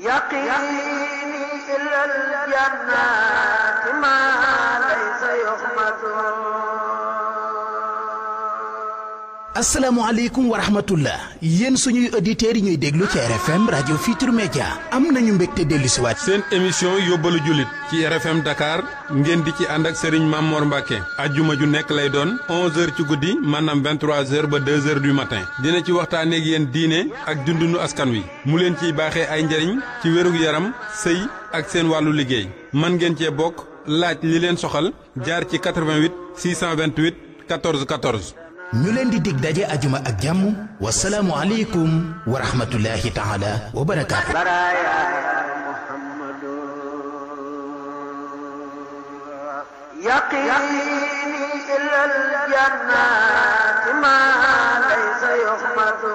يقيني إلى الجنة ما asalaamaaleykum wa rahmatullah yéen suñuy auditeurs yi ñuy déglu ci RFM rajo Futur Media am nañu mbégte dellu si waat seen émission yóbbale jullit ci RFM Dakar ngeen di ci ànd ak Serigne Mame Mor Mbacke ajjuma ju nekk lay doon 11h ci guddi manam 23h ba 2h du matin dina ci waxtaanee ak diine ak dundunu askan wi mu leen ciy baaxee ay njëriñ ci wérug yaram sëy ak seen wàllu liggéey man ngeen cee bokk laaj li leen soxal jaar ci 88 628 14 14. ñu leen di dig daje ajuma ak jàmm wasalaamu aleykum wa rahmatullahi taala wa ila aljannati ma laysa yuhmadu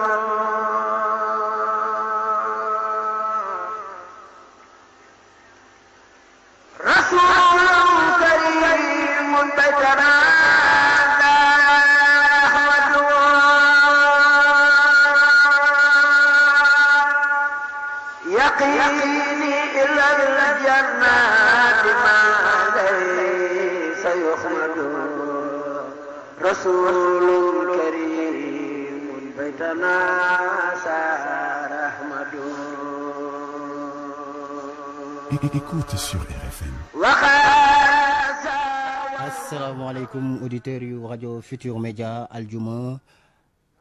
رسول كريم بيتنا يقيني إلا بالجنات ما ليس يخمد رسول كريم بيتنا سار أحمد Écoute sur RFM. asalaamaaleykum auditeurs yu rajo Futur Média aljuma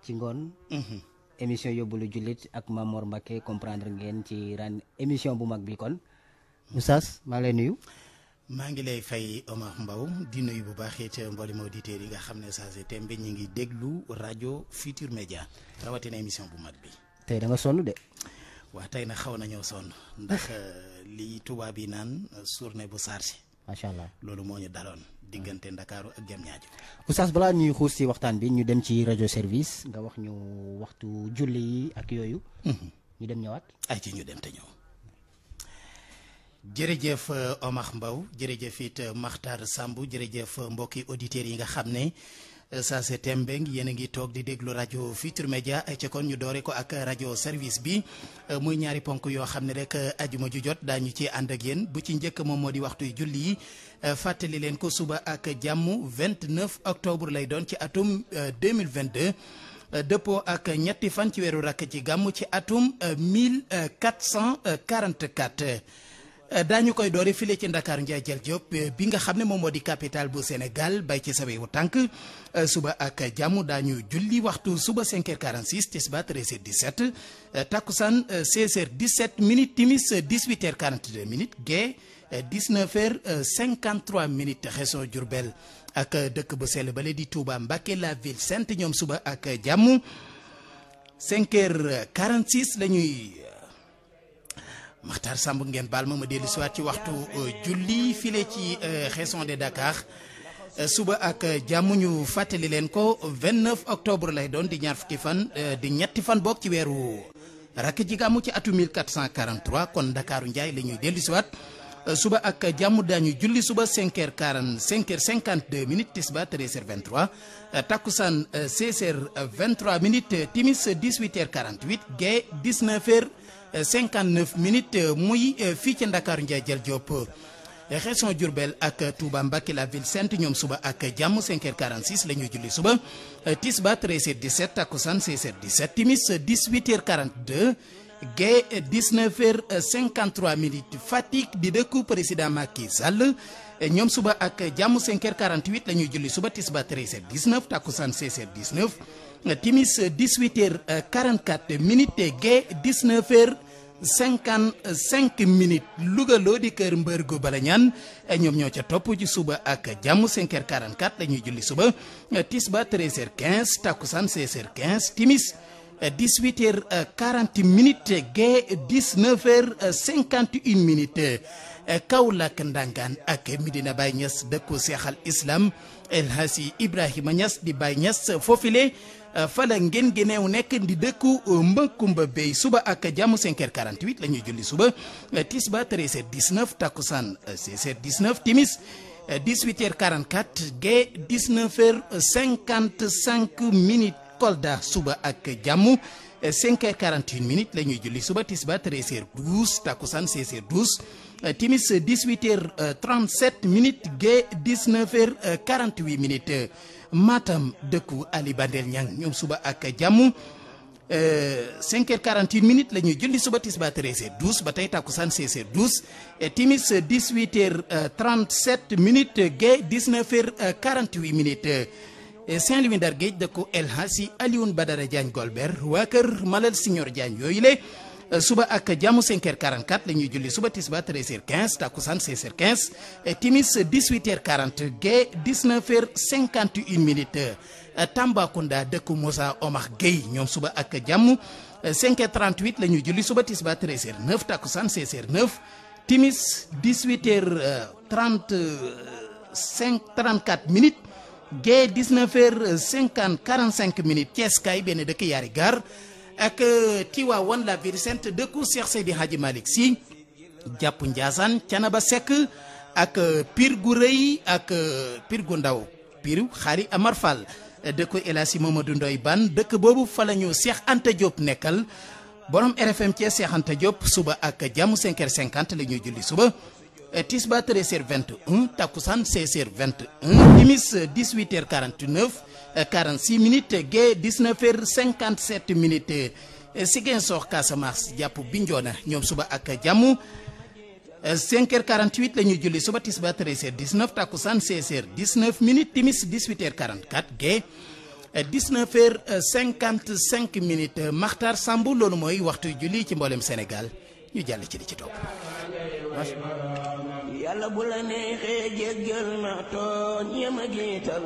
ci ngoon. Mhm. émission yóbbalu jullit ak Mamor Mbacke comprendre ngeen ci ran émission bu mag bi kon Oustaz maa ngi lay nuyu. maa ngi lay fay Omar Mbaw di nuyu bu baax it mboolem auditeurs yi nga xam ne saa si tembe ñu ngi déglu rajo Futur Média rawatina émission bu mag bi. tey danga nga sonn de. waa tey nag xaw na ñëw sonn ndax li tubaab yi naan journée bu chargé. macha allah loolu moo ñu daloon. diggante ndakaaru ak jam ñaajo oustaz balaa ñuy xuus ci waxtaan bi ñu dem ci rajo service nga wax ñu waxtu julli yi ak yooyu mhm. ñu dem ñëwaat ay ci ñu dem te ñëw jërëjëf euh, Omar Mbaw jërëjëf it euh, Makhtar Samb jërëjëf euh, mbokki auditeurs yi nga xam ne saa se tembe yéen a ngi toog di déglu rajo Futur Media ca kon ñu doore ko ak rajo service bi muy ñaari ponk yoo xam ne rek ajuma ju jot daañu ci ànd ak yéen bu ci njëkk moom moo di waxtu julli yi fàttali leen ko suba ak jàmm 29 octobre lay doon ci atum 2022 dëppoo ak ñetti fan ci weeru rakk ci gàmm ci atum 1444 Eh, daañu koy doore file ci Ndakaaru Ndiaye Jël Diop eh, bi nga xam ne moom moo di capital bu Sénégal bay ci sawe wu tànk eh, suba ak jàmm daañu julli waxtu suba 5h46 tisbaar 13h17 takkusaan 16h17 minutes timis 18h42 minutes gee 19h53 minutes région Diourbel ak dëkk bu sell bale di Touba Mbacké la ville sainte ñoom suba ak jàmm 5h46 la Makhtar Samb ngeen baal ma ma dellu siwaat ci waxtu euh, julli file ci euh, raison de Dakar euh, suba ak jàmm ñu fàttali leen ko 29 octobre lay doon di ñaar fukki fan di ñetti fan boog ci weeru rakk ci gàmmu ci atu 1443 kon Dakaru Ndiaye la ñuy dellu siwaat suba ak jàmm daañu julli suba 5h40 5h52 minutes tisba 13h23 takkusaan 16h23 minutes timis 18 h 59 euh, minutes euh, muy euh, fii ci Ndakaaru Ndiaye Jël Diop région Diourbel ak Touba Mbacké la ville sainte ñoom suba ak jàmm 5h46 la ñuy julli suba Tisba 13h17 takkusaan 16h17 timis 18h42 gée 19h53 minutes Fatick di dëkku président Macky Sall ñoom suba ak jàmm 5 h la ñuy julli suba Tisba 13h19 takkusaan 16 h timis 18 heures 44 minutes gee 19 heures 55 minutes Louga loo di kër mbër gu bala ñaan ñoom ñoo ca topp ci suba ak jàmm 5 heures 44 la ñuy julli suba tisba 13 heures 15 takkusaan 16 heures 15 timis 18 heures 40 minutes gee 19 heures 51 minutes Kaolack Ndangaan ak Medina Baye Niass dëkku seexal islam El Ibrahima Niass di Baye Niass foofile. Euh, fa la ngeen géneew nekk di dëkku euh, Mbakumba Bey suba ak jàmm 5h48 la ñuy julli suba euh, tisba 13h19 takkusaan 16h19 timis 18h44 gée 19h55 minutes Kolda suba ak jàmm 5h41 minutes la ñuy julli suba tisba 13h12 takkusaan 16h12. timis 18h37 minutes gée 19h48 minutes. Matam dëkku Ali Bandel Niang ñoom suba ak jàmm 5h48 euh, minutes la ñuy julli suba tisbaar 13 h ba tey takkusaan 16h12 timis 18h37 euh, minutes gée 19h48 euh, minutes Saint-Louis Ndar Géej dëkku El Hadji Alioune Badara Diagne Golbert waa kër Malal Signor Diagne yooyu le Euh, suba ak jàmm 5h44 la ñuy julli suba tisba 13h15 takkusaan 16h15 timis 18h40 gée 19h51 minutes euh, Tambacounda dëkku Moussa Omar Gueye ñoom suba ak jàmm 5 euh, h la ñuy julli suba tisba 13h09 takkusaan 16h09 timis 18h35 34 minutes gée 19h50 45 minutes Thiès kaay benn dëkk yaari gaar. ak euh, Tiwaawan la Virgente dëkku Seex Seydi Hadji Malick Sy jàpp Ndiassane Canaba sekk ak euh, piir gu rëy ak euh, piir gu ndaw piiru xaari Amar dëkku El Hadji Mamadou Ndoye Bane dëkk boobu fa la ñu Seex Anta Diop nekkal borom RFM Thiès Seex Anta Diop suba ak jàmm 5h50 la ñuy julli suba. Tisba 13h21 Takusaan 16h21 Timis 18 46 minutes gee 19 heures 57 minutes eh, Ziguinchor Casamance jàpp Bignona ñoom suba ak jàmm 5 eh, heures 48 la ñuy julli suba tisbaar 13 heures 19 takkusaan 16 heures 19 minutes timis 18 heures 44 gee 19 heures 55 eh, minutes Makhtar Samb loolu mooy waxtuy julli ci mboolem Sénégal ñu jàll ci li ci topp. yàlla bu la neexee jéggal na tooñ yema jiital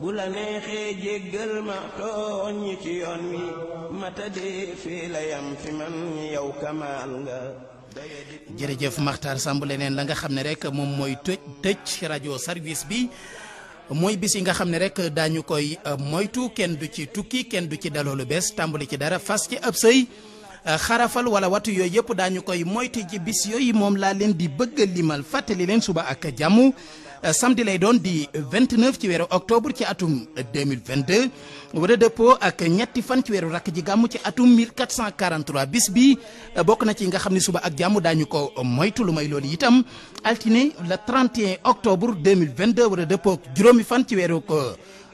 bu la neexee jéggal ma tooñ ñi ci yoon wi matadee fii la yam fi man yow kamaal nga jërëjëf Makhtar Samb leneen la nga xam ne rek moom mooy tëj tëj rajo service bi mooy bis yi nga xam ne rek daañu koy euh, moytu kenn du ci tukki kenn du ci daloo lu bees tàmbali ci dara fas ci ab sëy euh, xarafal wala watu yooyu yëpp daañu koy moytu ci bis yooyu moom laa leen di bëgg limal fàttali leen suba ak jàmm. Euh, samedi lay doon di 29 ci weeru octobre ci atum 2022 wala dëppoo ak ñetti fan ci weeru rakk ji gàmm ci atum 1443 bis bi euh, bokk na ci nga xam ne suba ak jàmm daañu ko moytu lu may loolu itam altine le 31 octobre 2022 wala dëppoo juróomi fan ci weeru ko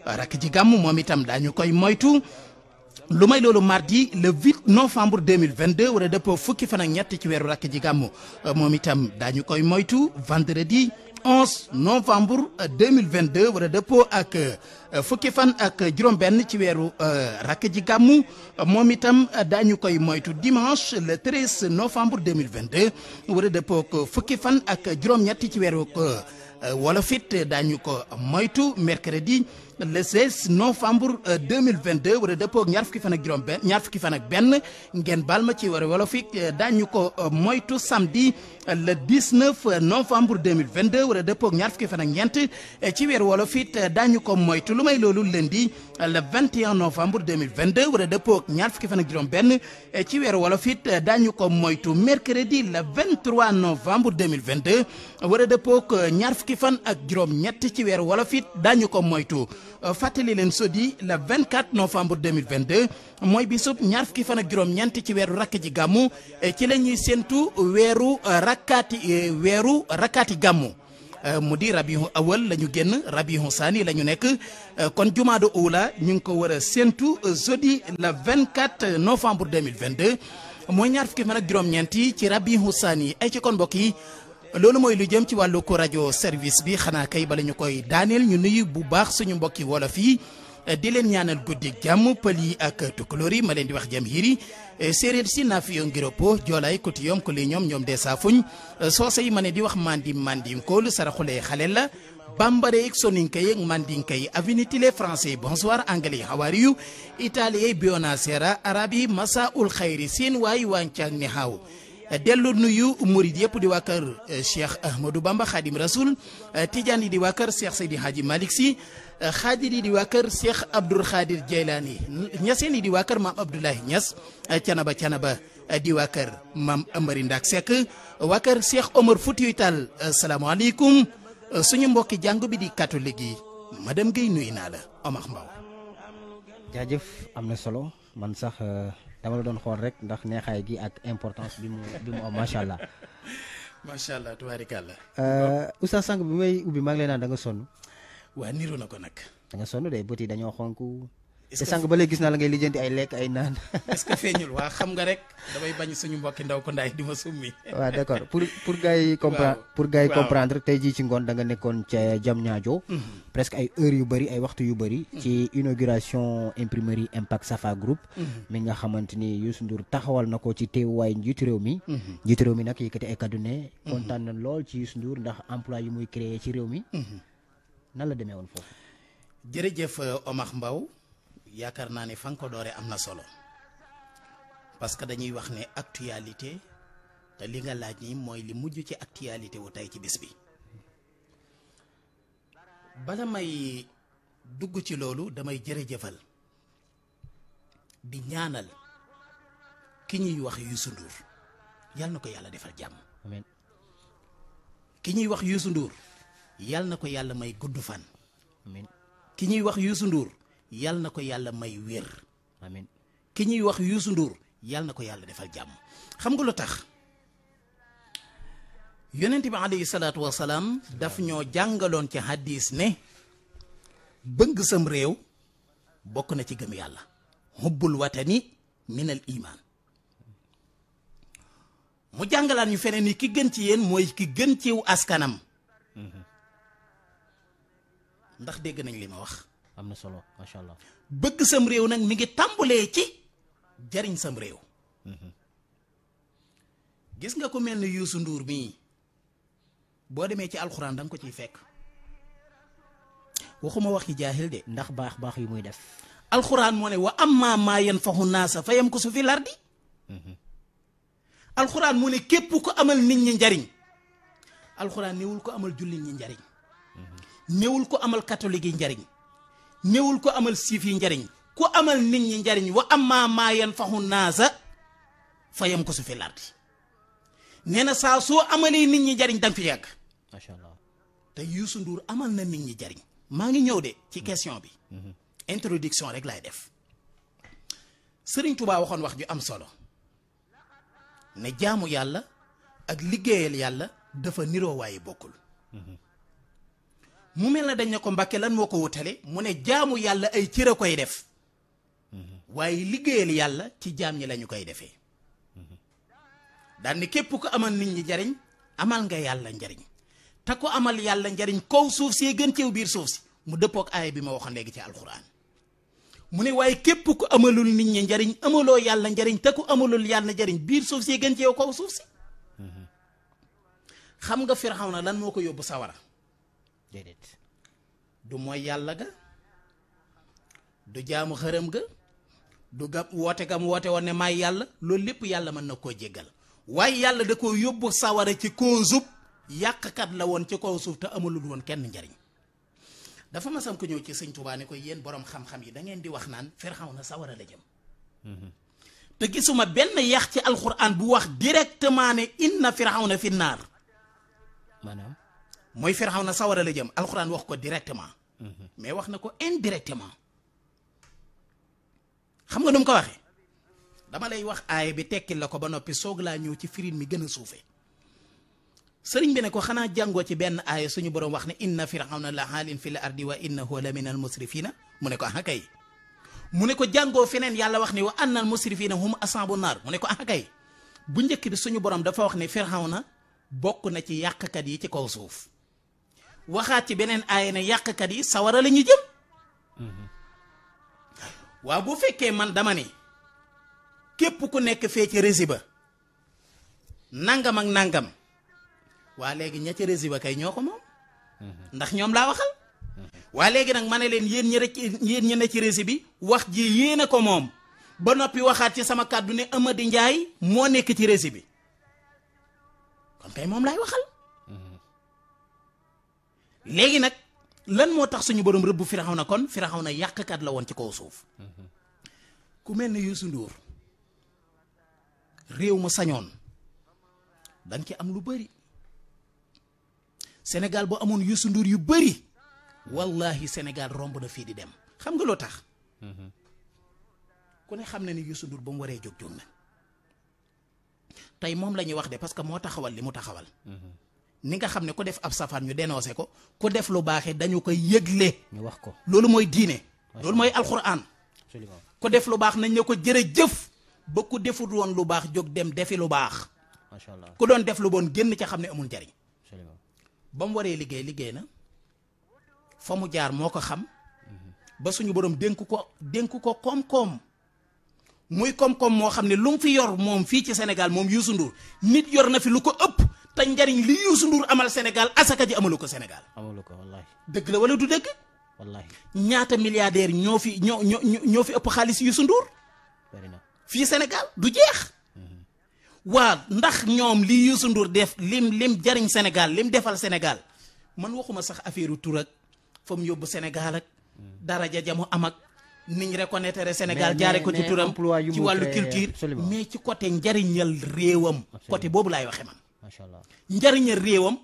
euh, rakk ji gàmmu moom itam daañu koy moytu. lu may loolu mardi le 8 novembre 2022 wala dëppoo fukki fan ñetti ci weeru rakk ji gàmmu moom itam daañu koy moytu vendredi 11 novembre 2022 euh, wala dëppoo ak euh, fukki fan ak juróom-benn ci weeru euh, rakk ji gàmmu moom itam daañu koy moytu dimanche le 13 novembre 2022 wala dëppoo ak fukki fan ak juróom-ñetti ci weeru wolofit daañu ko moytu mercredi. le 16 novembre 2022 euh, wala dëppoo ak ñaar fukki fan ak juróom benn ñaar fukki fan ak benn ngeen baal ma ci war wolof yi euh, daañu ko euh, moytu samedi le 19 novembre 2022 wala dëppoo ak ñaar fukki fan ak ñeent ci weer wolof it daañu ko moytu lu may loolu lundi le 21 novembre 2022 wala dëppoo ak ñaar fukki fan ak juróom benn ci weer wolof it daañu ko moytu mercredi le 23 novembre 2022 wala dëppoo ñaar fukki fan ak juróom ci weer wolof it daañu ko moytu Euh, fàttali leen sodi le 24 novembre 2022 mooy bisub ñaar fukki fan ak juróom-ñeent ci weeru rakk ji gàmmu euh, ci la ñuy séentu weeru rakkaati euh, weeru rakkaati gàmmu mu di rabihu awal la ñu génn rabihu saani la ñu nekk kon jumaado ula ñu ngi ko war a séentu jeudi le 24 novembre 2022 mooy ñaar fukki fan ak juróom-ñeent yi ci rabihu saani ay ci kon mbokk yi loolu mooy lu jëm ci wàllu ko rajo service bi xanaa kay bala ñu koy daaneel ñu nuyu bu baax suñu mbokki wolof yi eh, di leen ñaanal guddi jàmm pël yi ak tukulóor yi ma leen di wax jam hiri eh, séeréer si naa naafiyo ngiropo joolaay kuti yom ku li ñoom ñoom de saafuñ eh, soose yi ma ne di wax mandim mandim kool saraxulee xale la bambare ek soninka yek mandinka yi avinitile français bonsoir anglais how are you italien buonasera arabi masa ul xayri siin waayi wancang ni haw delloo nuyu murid yëpp di waa kër eh, Cheikh Ahmadou Bamba Khadim Rasoul eh, Tidiane yi di waa kër Cheikh Seydi Hadji Malick Sy xaadir eh, yi di waa kër Cheikh Abdoul Khadir Jeylaani yi di waa kër maam Abdoulaye Niass canaba canaba di waa maam Amari Ndak Seck waa kër Cheikh Omar Foutiyou Tall salaamaaleykum suñu mbokki jàng bi di catholique yi madame Guèye nuyu naa la Omar Mbaw jaajëf am na solo man sax euh, dama la doon xool rek ndax neexaay gi ak importance bi mu bi mu am macha allah. macha allah la euh, Oustaz Sànq bi may ubbi maa ngi lay naan da nga sonn. waa niru na ko nag. da nga sonn de bët yi dañoo xonk. te sànq ba léegi gis naa la ngay lijjanti ay lekk ay naan. est-ce que feeñul waa xam nga rek damay bañ suñu mbokki ndaw ko ndaay di ma summi. waaw d'accord pour pour gars yi comprendre pour gars yi tey jii ci ngoon da nga nekkoon ca Diamniadio. Mhm. presque ay heures yu bëri ay waxtu yu bëri. Mhm. ci inauguration imprimerie Impact Safa Group. Mhm. mi nga xamante ni Youssou nduur taxawal na ko ci teewaayu njiitu réew mi. njiitu réew mi nag yëkkati ay kaddu ne. kontaan na lool ci Youssou Ndour ndax emplois yi muy créer ci réew mi. nan la demee woon foofu. jërëjëf Mbaw yaakaar naa ne fa nga am na solo parce que dañuy wax ne actualité te li nga laaj ni mooy li mujj ci actualité wu tey ci bis bi bala may dugg ci loolu damay jëfal di ñaanal ki ñuy wax Youssou Ndour yal na ko yàlla defal jàmm. ki ñuy wax Youssou nduur yal na ko yàlla may gudd fan. ki ñuy wax yuusu Ndour yal na ko yàlla may wér ki ñuy wax yuusu Ndour yal na ko yàlla defal jàmm xam nga lu tax yonent bi alayhi salaatu wasalaam daf ñoo jàngaloon ci hadis ne bëgg sam réew bokk na ci gëm yàlla hubbul watani minal iman mu jàngalaat ñu feneen yi ki gën ci yéen mooy ki gën ciw askanam mm-hmm. ndax dégg nañ li ma wax am na solo macha allah. bëgg sam réew nag mi ngi tàmbalee ci jariñ sam réew. Mhm. gis nga ko mel ni yuusu nduur mii boo demee ci alxuraan da ko ciy fekk waxuma wax yi jaahil de. ndax baax baax yi muy def. alxuraan moo ne wa am maa yanfaxu naasa fa yam ko su fi lardi. Mhm. alxuraan mu ne képp ko amal nit ñi njariñ alxuraan néewul ko amal jullit ñi njariñ mhm. néewul ko amal catholique yi njariñ néewul ko amal siif yi njariñ ku amal nit ñi njariñ wa amma maa yanfaxu naasa fa yam ko su fi lardi nee na saa soo amalee nit ñi njariñ danga fi yàgg macha allah te Youssou Ndour amal na nit ñi njariñ maa ngi ñëw de ci question bi mhm. introduction rek laay def Sëriñ Tuubaa waxoon wax ju am solo ne jaamu yàlla ak liggéeyal yàlla dafa niroo waaye bokkul mhm. mu mel na dañ ne ko mbakke lan moo ko wutale mu ne jaamu yàlla ay cër a koy def waaye liggéeyal yàlla ci jaam ñi lañu koy defee daan képp ko amal nit ñi njariñ amal nga yàlla njariñ te ko amal yàlla njariñ kaw suuf see gën ceew biir suuf si mu dëppook aaya bi ma léegi ci alxuraan mu ne waaye képp ku nit ñi njariñ amaloo yàlla njariñ te ku njariñ biir suuf see gën ceew kaw suuf si xam nga na lan moo ko yóbbu sawara déedéet du mooy yàlla ga du jaamu xërëm ga du gam woote ga mu woote woon ne maay yàlla loolu lépp yàlla mën na koo jéggal waaye yàlla da koo yóbbu sawara ci koo sub yàqkat la woon ci kaw suuf te amalul woon kenn njariñ dafa masam ko ñëw ci sëñ Tuubaa ni ko yéen borom xam-xam yi dangeen di wax naan firxaw na sawara la jëm mhm. te gisuma benn yax ci alxuraan bu wax directement ne inna firxaw na fi naar maanaam mooy firaw na sawara la jëm alxuraan wax ko directement mais wax na ko indirectement xam nga nu mu ko waxee dama lay wax aaye bi tekkil la ko ba noppi soog laa ñëw ci firin mi gën a suufee sëriñ bi ne ko xanaa jàngoo ci benn aaya suñu borom wax ne inna firawna la haalin fi l ardi wa innahu la min al musrifina mu ne ko ah kay mu ne ko jàngoo feneen yàlla wax ne wa anna al musrifina hum asaabu naar mu ne ko ah kay bu njëkk bi suñu borom dafa wax ne firawna bokk na ci yàqkat yi ci kaw suuf waxaat ci beneen aaya ne yàqkat yi sawara la ñu jëm waaw bu fekkee man dama ne képp ku nekk fee ci rési ba nangam ak nangam waa léegi ña ca rési ba kay ñoo ko moom ndax ñoom laa waxal waa léegi nag ma ne leen yéen ñi yéen ñi ne ci rési bi wax ji yéen a ko moom ba noppi waxaat ci sama kàddu ne Amady Ndiaye moo nekk ci rési bi kon kay moom laay waxal léegi nag lan moo tax suñu borom rëbb na kon Firawna yàqkat la woon ci kaw suuf ku mel ni yuusu nduur réew ma sañoon danga ci am lu bari Sénégal boo amoon Youssou nduur yu bari wallahi Sénégal romb na fii di dem xam nga loo tax ku ne xam na ni Youssou Ndour ba mu waree jóg jóg na tey moom la ñuy wax de parce que moo taxawal li mu taxawal ni nga xam ne ku def ab safaan ñu dénoncé ko ku def lu baaxee dañu koy yëgle. ñu wax ko loolu mooy diine. loolu mooy alxuraan. ku def lu baax nañ ne ko jërëjëf ba ku defut woon lu baax jóg dem defi lu baax. macha allah ku doon def lu bon génn ca xam ne amul njariñ. ba mu waree liggéey liggéey na fa mu jaar moo ko xam. Mhm. ba suñu borom dénk ko dénk ko koom-koom. muy koom-koom moo xam ne lu mu fi yor moom fii ci Sénégal moom Youssou Ndour nit yor na fi lu ko ëpp. te njariñ li Youssou Ndour amal Sénégal asaka ji amalu ko Sénégal. amalu ko wallaahi. dëgg la wala du dëgg. ñaata milliardaire ñoo fi ñoo ñoo fi ëpp xaalis Youssou Ndour. fii Sénégal du jeex. Mhm. waa ndax ñoom li Youssou Ndour def lim lim jariñ Sénégal lim defal Sénégal man waxuma sax affaire tur ak fa mu yóbbu Sénégal dara mhm. daraja jamu am ak ni ñu reconnaître Sénégal jaare ko ci turam ci wàllu culture mais ci côté njariñal réewam côté boobu laay waxe man macha allah njariña réewam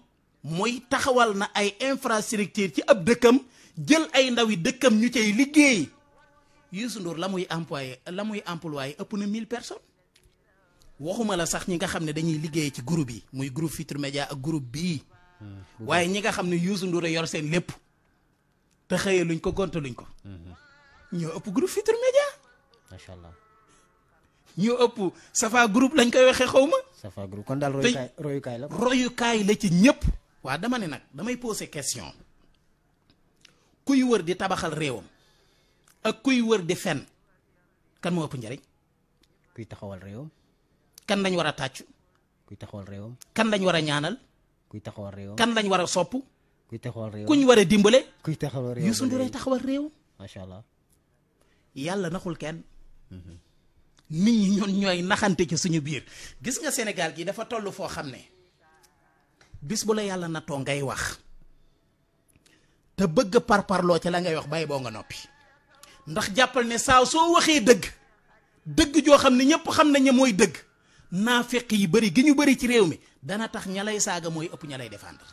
mooy taxawal na ay infrastructure ci ab dëkkam jël ay ndawi dëkkam ñu cay liggéey Youssou Ndour la muy employé la muy employé ëpp na mille personnes waxuma la sax ñi nga xam ne dañuy liggéey ci groupe yi muy groupe Futurs Médias ak groupe bii hmm, waaye ñi nga xam ne Youssou Ndour a yor seen lépp te xëyee luñ ko gont luñ ko hmm, hmm. ñoo ëpp groupe Futurs Médias macha allah ñoo ëpp Safa groupe lañ koy waxee xaw ma Moustapha Guèye kon daal royukaay royukaay la. royukaay la ci ñëpp. waa dama ne nag damay poser question kuy wër di tabaxal réewam ak kuy wër di fen kan moo ëpp njëriñ. kuy taxawal réewam. kan lañ war a tàccu. kuy taxawal réewam. kan lañ war a ñaanal. kuy taxawal réewam kan lañ war a sopp. kuy taxawal réewam kuñ war a dimbale. kuy taxawal réewam Youssou Ndour taxawal réewam. macha allah. yàlla naxul kenn. Mhm. nit ñi ñun ñooy naxante ci suñu biir gis nga Sénégal gi dafa toll foo xam ne bis bu la yàlla nattoo ngay wax te bëgg par parloo ci la ngay wax bàyyi boo nga noppi ndax jàppal ne saaw soo waxee dëgg dëgg joo xam ne ñëpp xam nañ ne mooy dëgg naafiq yi bëri gi ñu bëri ci réew mi dana tax ña lay saaga mooy ëpp ña lay défendre.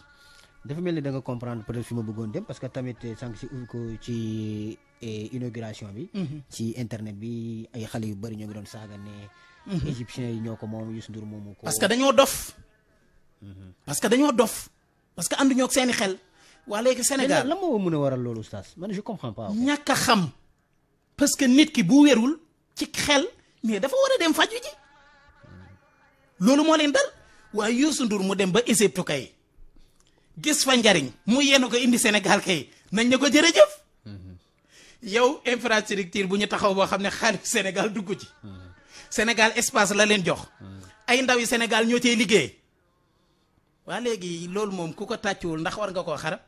dafa mel ni da nga comprendre peut fi ma bëggoon dem parce que tamit eh, sànq ci eh, inauguration bi. Mhm. ci internet bi ay xale yu bari ñoo ngi doon saaga ne. Mhm. égyptiens yi ñoo ko moom Youssou Ndour moom ko. parce que dañoo dof. Mhm. parce que dañoo dof. parce que ànduñoo ak seeni xel. waa léegi Sénégal la moo mën a waral loolu Oustaz man je comprends pas. ñàkk a xam parce que nit ki bu wérul ci xel mais dafa war a dem faju loolu moo leen dal waaye Youssou Ndour mu dem ba Égypte kay gis fa njariñ mu yenu ko indi Sénégal kay nañ na ko jërëjëf yow infrastructure bu ñu taxaw boo xam ne xaalis Sénégal dugg ci Sénégal espace la leen jox ay ndaw yi Sénégal ñoo cey liggéey waa léegi loolu moom ku ko tàccuwul ndax war nga koo xarab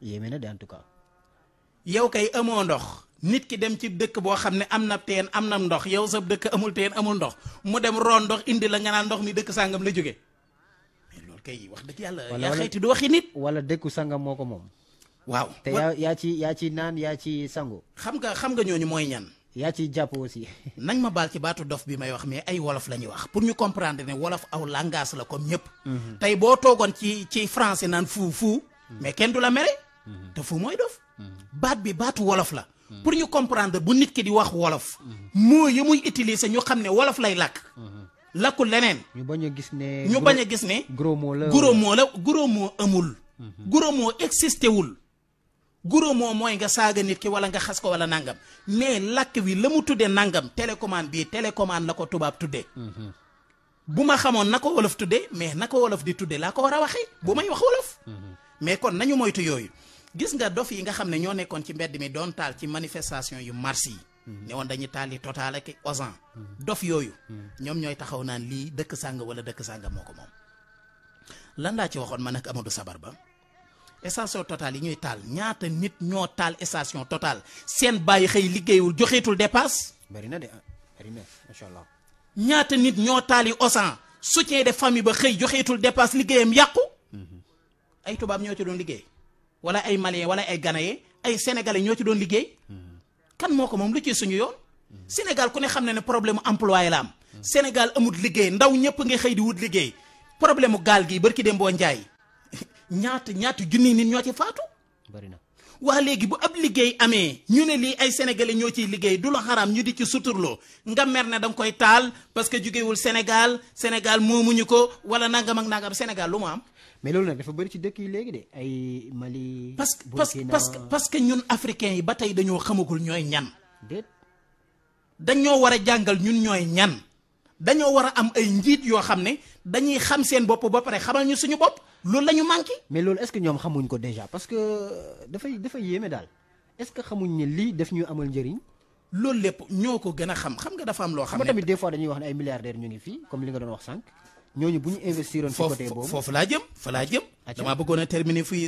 yéeme na de en ko cas yow kay amoo ndox nit ki dem ci dëkk boo xam ne am na teen am na ndox yow sa dëkk amul teen amul ndox mu dem roon ndox indi la nga naan ndox mi dëkk sàngam la jóge loolu kay wax dëgg yàlla. yaa xayti du waxi nit. wala dëkku sangam moo ko moom. waaw te yaa yaa ci yaa ci naan yaa ci sangu. xam nga xam nga ñooñu mooy ñan. yaa ciy jàpp nañ ma baal ci baatu dof bi may wax mais ay wolof la ñuy wax pour ñu comprendre ne wolof aw langage la comme ñëpp. Mhm. tey boo toogoon ci ci français naan fuu fuu. Mhm. mais kenn du la mere. Mhm. te fuu mooy dof. baat bi baatu wolof la. pour ñu comprendre bu nit ki di wax wolof. moo yi muy utiliser ñu xam ne wolof lakku leneen. ñu bañ a gis ne. ñu bañ a gis ne. gros mot la guro mot la gros amul. Mhm. guro mot existé wul. gros mot mooy nga saaga nit ki wala nga xas ko wala nangam mais lakk wi la mu tuddee nangam télécommande bii télécommande la ko tubaab tuddee. Mhm. bu ma xamoon na ko wolof tuddee mais na ko wolof di tuddee laa ko war a waxee bu may wax wolof. Mhm. mais kon nañu moytu yooyu. gis nga dof yi nga xam ne ñoo nekkoon ci mbedd mi doon taal ci manifestation yu mars yi. Mhm. ne woon dañuy taali total ak osan mhm. dof yooyu mhm. ñoom ñooy taxaw naan lii dëkk sàng wala dëkk sàng moo ko moom lan laa ci waxoon man ak Amadou Sabar ba station total yi ñuy taal ñaata nit ñoo taal station total seen bàyyi xëy liggéeyul joxeetul dépasse bari na de ah, bari na ñaata nit ñoo taali osan soutien de famille ba xëy joxeetul dépasse liggéeyam yàqu ay tubaab ñoo ci doon liggéey wala ay malien wala ay ganaye ay sénégalais ñoo ci doon liggéey kan moo ko moom lu ci suñu yoon Sénégal ku ne xam na ne problème emploi la am Sénégal amut liggéey ndaw ñëpp nga xëy di wut liggéey problème gaal gi ki dem boo njaay ñaata ñaat junni nit ñoo ci faatu bari na waa léegi bu ab liggéey amee ñu ne lii ay sénégalais ñoo ciy liggéey du la xaraam ñu di ci suturloo nga mer ne da koy taal parce que jugewul Sénégal Sénégal moomuñu ko wala nangam ak nangam Sénégal lu mu am mais loolu nag dafa bari ci dëkk yi léegi de ay Mali. parce que parce que parce que ñun africains yi ba tey dañoo xamagul ñooy ñan. déet dañoo war a jàngal ñun ñooy ñan dañoo war a am ay njiit yoo xam ne dañuy xam seen bopp ba pare xamal ñu suñu bopp loolu la ñu manqué. mais loolu est que ñoom xamuñ ko déjà parce que euh, dafay dafay yéeme daal est-ce que xamuñ ne lii daf ñu amal njëriñ. loolu lépp ñoo ko gën a xam xam nga dafa am loo xam ne. tamit des dañuy wax ne ay milliardaires ñu ngi fii comme li nga doon wax sànq. ñooñu bu ñu investiroon ci côté foofu laa jëm fa laa jëm. damaa bëggoon a terminer fii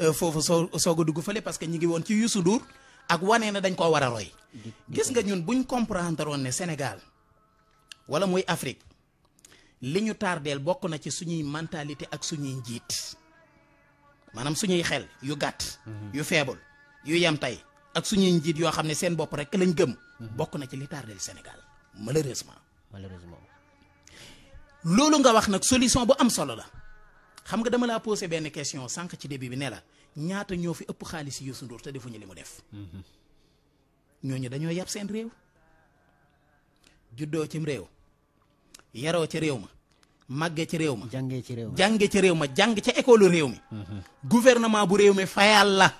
euh, foofu soo soog a dugg fële parce que ñu ngi woon ci Youssou Ndour ak wane na dañ koo war a roy. gis nga ñun buñ comprendre woon ne Sénégal wala muy Afrique li ñu tardeel bokk na ci suñuy mentalité ak suñuy njiit maanaam suñuy xel yu gàtt. Mhm. yu faible yu yem tey ak suñuy njiit yoo xam ne seen bopp rek lañ gëm. Mhm. bokk na ci li tardeel Sénégal malheureusement. malheureusement. loolu nga wax nag solution bu am solo la xam nga dama laa posé benn question sànq ci début bi ne la ñaata ñoo fi ëpp xaalis Youssou Ndour te defuñu li mu def. Mhm. ñooñu dañoo yab seen réew. juddoo cim réew. yaroo ca réew ma. màggee ci réew ma jàngee ci réew ma ci réew ma jàng ca école réew mi. Mhm. gouvernement bu réew mi fayal la.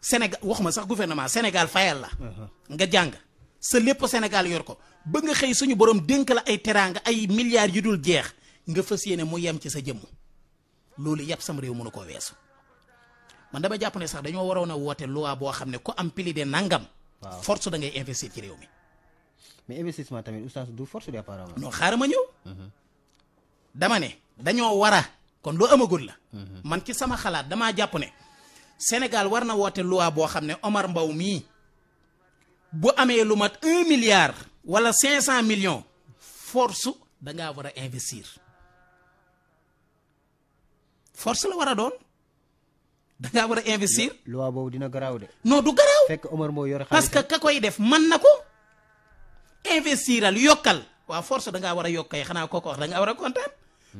Sénégal ma sax gouvernement Sénégal fay la. Mhm. nga jàng. sa lépp Sénégal yor ko ba nga xëy suñu borom dénk la ay teraanga ay milliards yu dul jeex nga fas yéene mu yem ci sa jëmm loolu yàpp sama réew munu koo weesu man dama jàpp ne sax dañoo waroon a woote loi boo xam ne ku am pili de nangam. force da ngay investir ci réew mi. mais investissement tamit du force de apparemment. non xaaral ma ñëw. Mhm. dama ne dañoo war a kon loo amagul la. Mhm. ci sama xalaat damaa jàpp ne Sénégal war na woote luwaa boo xam ne Omar Mbaw mii. bu amee lu mat un milliard wala cinq cent millions force da ngaa war a investir force la war a doon da ngaa war a investir. loi boobu dina garaaw de. non du garaaw. fekk Omar moo yor parce que ka koy def man na ko investiral yokkal waa force dangaa ngaa war a yokk kay xanaa kooko wax da war a kontaan.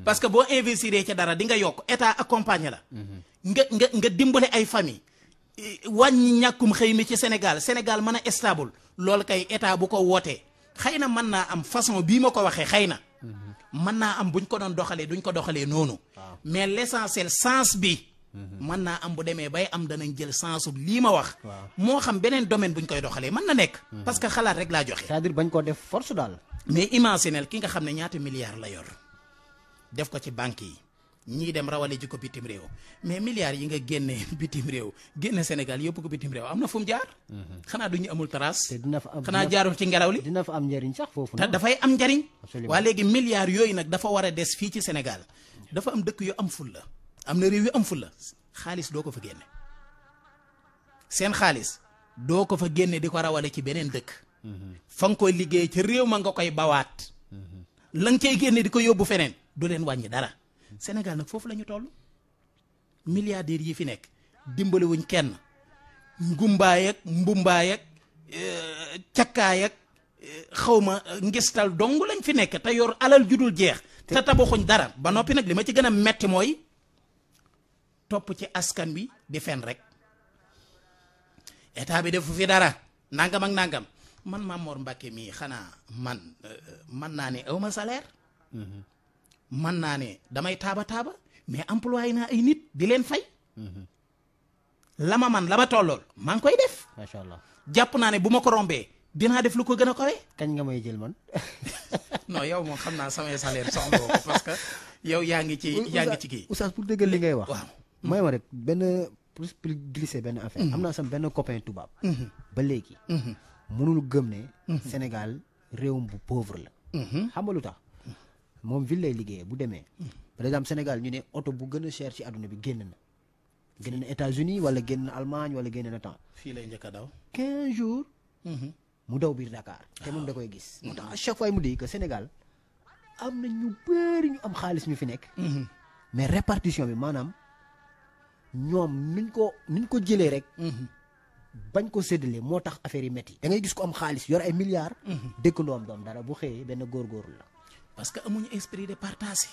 parce que boo investiree ca dara di nga yokk état accompagner la. Mhm. nga nga nga dimbale ay famille wàññi ñàkkum xëy mi ci Sénégal Sénégal man a stable loolu kay état bu ko wootee xëy na mën naa am façon bii ma ko waxee xëy na mhm. mën naa am buñ ko doon doxalee duñ ko doxalee noonu mais l'essentiel sance bi mhm. mën naa am bu demee bay am danañ jël sensu lii ma wax moo xam beneen domaine buñ koy doxalee man na nekk mhm. parce que xalaat rek laa joxe cest bañ ko def force daal mais imaginel ki nga xam ne ñaata milliards la yor def ko ci banque yi ñii dem rawale ji ko bitim réew mais milliards yi nga génne bitim réew génne Sénégal yëpp ko bitim réew am na fu mu jaar. Mhm. xanaa du ñu amul trace. te dina fa am xanaa jaarul ci ngelaw li. dina fa am njariñ sax foofu. te dafay am njariñ. waa léegi milliards yooyu nag dafa war a des fii ci senegal dafa am dëkk yu am ful la. am na réew yu am ful la xaalis doo ko fa génne seen xaalis doo ko fa génne di ko rawale ci beneen dëkk. Mhm. fa nga koy liggéey ci réew ma nga koy bawaat. Mhm. la nga cay génne di ko yóbbu feneen du leen wàññi dara. Sénégal nag foofu la ñu toll milliardaires yi fi nekk dimbalewuñ kenn ngumbaay ak mbumbaay ak euh, cakkaay euh, xawma ngistal dong lañ fi nekk te yor alal judul jeex te tabaxuñ dara ba noppi nag li ma ci gën a metti mooy topp ci askan bi di fen rek état bi def fi dara nangam ak nangam man Mame Mor Mbacke mii xanaa man euh, man naa ni awma salaire mm-hmm. man naa ne damay taaba taaba mais employé naa ay nit di leen fay. Mhm. la ma man la ma tollool maa ngi koy def. macha jàpp naa ne bu ma ko rombee dinaa def lu ko gën a kawe. kañ nga may jël man. no yow moom xam naa samay salaire soxla ko parce que yow yaa ngi ci yaa ngi ci kii. oustaz pour dëggal li ngay wax. waaw may ma rek benn plus glisser benn affaire. Mhm. am naa sam benn copain tubaab. Mhm. ba léegi. mënul gëm ne. Sénégal réewum bu pauvre la. xam moom ville lay liggéeyee bu demee par exemple Sénégal ñu ne oto bu gën a cher ci àdduna bi génn na génn na États-Unis wala génn na Allemagne wala génn na temps fii lay njëkk a daw quinze jours mhm. mu daw biir Dakar te moom da koy gis ah. moo tax à chaque fois mu di ko Sénégal am na ñu bëri ñu am xaalis ñu fi nekk mhm. mais répartition bi maanaam ñoom nuñ ko nuñ ko jëlee rek mhm. bañ ko séddalee moo tax affaire yi métti da gis ko am xaalis yor ay milliards dëkk ndoom doom dara bu xëyee benn góorgóorlu la parce que amuñu esprit de partage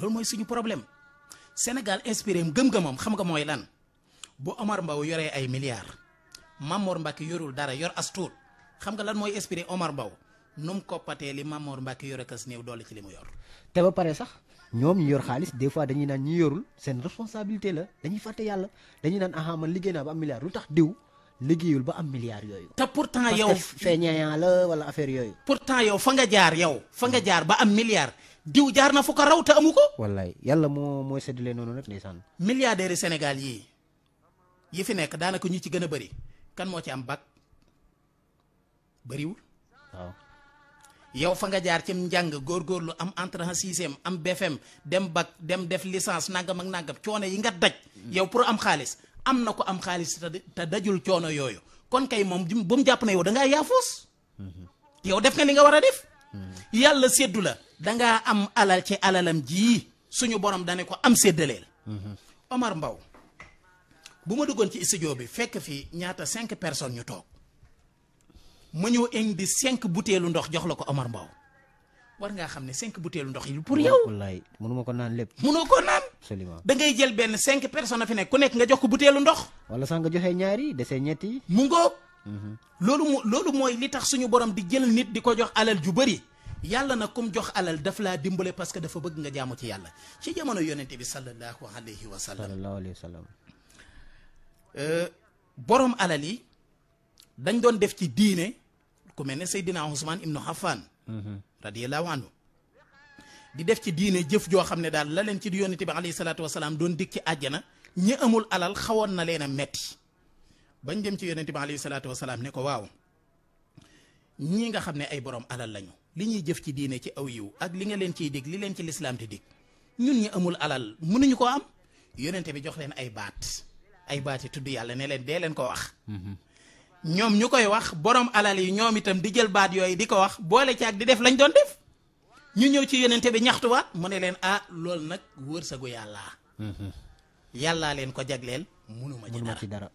loolu mooy suñu problème Sénégal inspiré am gëm-gëmam xam nga mooy lan bu Omar Mbaw yoree ay milliards Mamor Mbacke yorul dara yor as tuut xam nga lan mooy inspiré Omar Mbaw nu mu koppatee li Mamor Mbacke yore kas néew doole ci li mu yor. te ba pare sax ñoom ñu yor xaalis des fois dañuy naan ñi yorul seen responsabilité la dañuy fàtte yàlla dañuy naan aha man liggéey naa ba am milliard lu tax diw. liggéeyul ba am milliards yooyu. te pourtant yow parce la wala affaire yooyu. pourtant yow fa nga jaar yow fa nga jaar ba am milliards diw jaar na fu ko raw te amu ko. yàlla moo mooy séddale noonu rek ndeysaan. milliardaires yi Sénégal yii yi fi nekk daanaka ñu ci gën a bëri kan moo ci am bag bëriwul. waaw yow fa nga jaar ci njàng góorgóorlu am entrée en am BFM dem bac dem def licence nangam ak nangam coono yi nga daj. Mm. yow pour am xaalis am na ko am xaalis te dajul coono yooyu kon kay moom ba mu jàpp ne yow da ngaa yaafuus yow def nga li nga war a def yàlla séddu la dangaa am alal ci alalam jii suñu borom dana ko am séddaleel Omar Mbaw bu ma duggoon ci studio bi fekk fi ñaata cinq personnes ñu toog mu ñëw indi cinq butéelu ndox jox la ko Omar Mbaw war ngaa xam ne cinq butéelu ndox yi pour yow. wallaay mënuma ko naan lépp. mënoo ko naan. absolument da ngay jël benn cinq personnes fi nekk ku nekk nga jox ko butéelu ndox. wala sax nga joxe ñaari dese ñetti. mu ngóob. Mhm. loolu moo loolu mooy li tax suñu borom di jël nit di ko jox alal ju bëri. yàlla na kum jox alal daf laa dimbale parce que dafa bëgg nga jaamu ci yàlla ci jamono yonente bi sallallahu alayhi wa sallam. sallallahu alayhi wa sallam. Euh, borom alal yi dañ doon def ci diine ku mel ne Seydina Ousmane Ibnu Affan. Mhm. radiyallahu anhu di def ci diine jëf joo xam ne daal la leen ci di yonent bi alayhi salaatu wasalaam doon dikki àjjana ñi amul alal xawoon na leen a metti bañ dem ci yonent bi alayhi salaatu ne ko waaw ñii nga xam ne ay borom alal lañu li ñuy jëf ci diine ci aw yiw ak li nga leen ciy dig li leen ci lislaam di dig ñun ñi amul alal mënuñu ko am yonent bi jox leen ay baat ay baat yi tudd yàlla ne leen dee leen ko wax mhm. ñoom ñu koy wax borom alal yi ñoom itam di jël baat yooyu di ko wax boole ci ak di def lañ doon def ñu ñëw ci yonente bi ñaxtuwaat mu ne leen ah loolu nag wërsëgu yàllaa mm-hmm. yàllaa leen ko jagleel munuma ci dara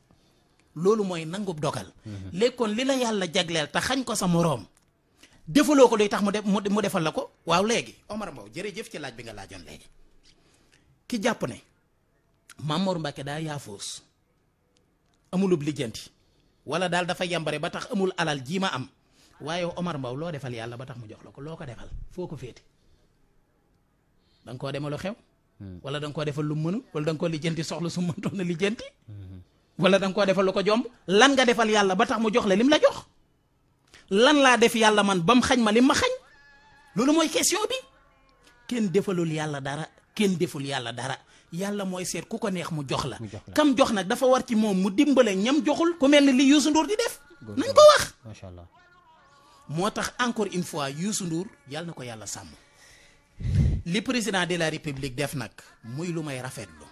loolu mooy nangub dogal mm-hmm. léegi kon li la yàlla jagleel te xañ ko sa moroom defaloo ko luy tax mu def mu defal la ko waaw léegi Omar Mbow jërëjëf ci laaj bi nga laajoon léegi ki jàpp ne Mamour Mbacke daa yaafoos amulub lijjanti wala daal dafa yambare ba tax amul alal ji ma am waaye Omar Mbaw loo defal yàlla ba tax mu jox la ko loo ko defal foo ko féete da koo dema lu xew hmm. koo defal lu mënu wala da nga koo lijjanti soxla su mëntoon na lijjanti hmm. wala da koo defal ko jomb lan nga defal yàlla ba tax mu jox la lim la jox lan laa def yàlla man ba mu xañ ma lim ma xañ loolu mooy question bi kenn defalul yàlla dara kenn deful yàlla dara yàlla mooy seet ku ko neex mu jox la kam jox nag dafa war ci moom mu dimbale ñam joxul ku mel ni li Youssou Ndour di def nañ ko wax macha allah moo tax encore une fois Youssou Ndour yàlla na ko yàlla sàmm li président de la république def nag muy lu may rafet rafetlu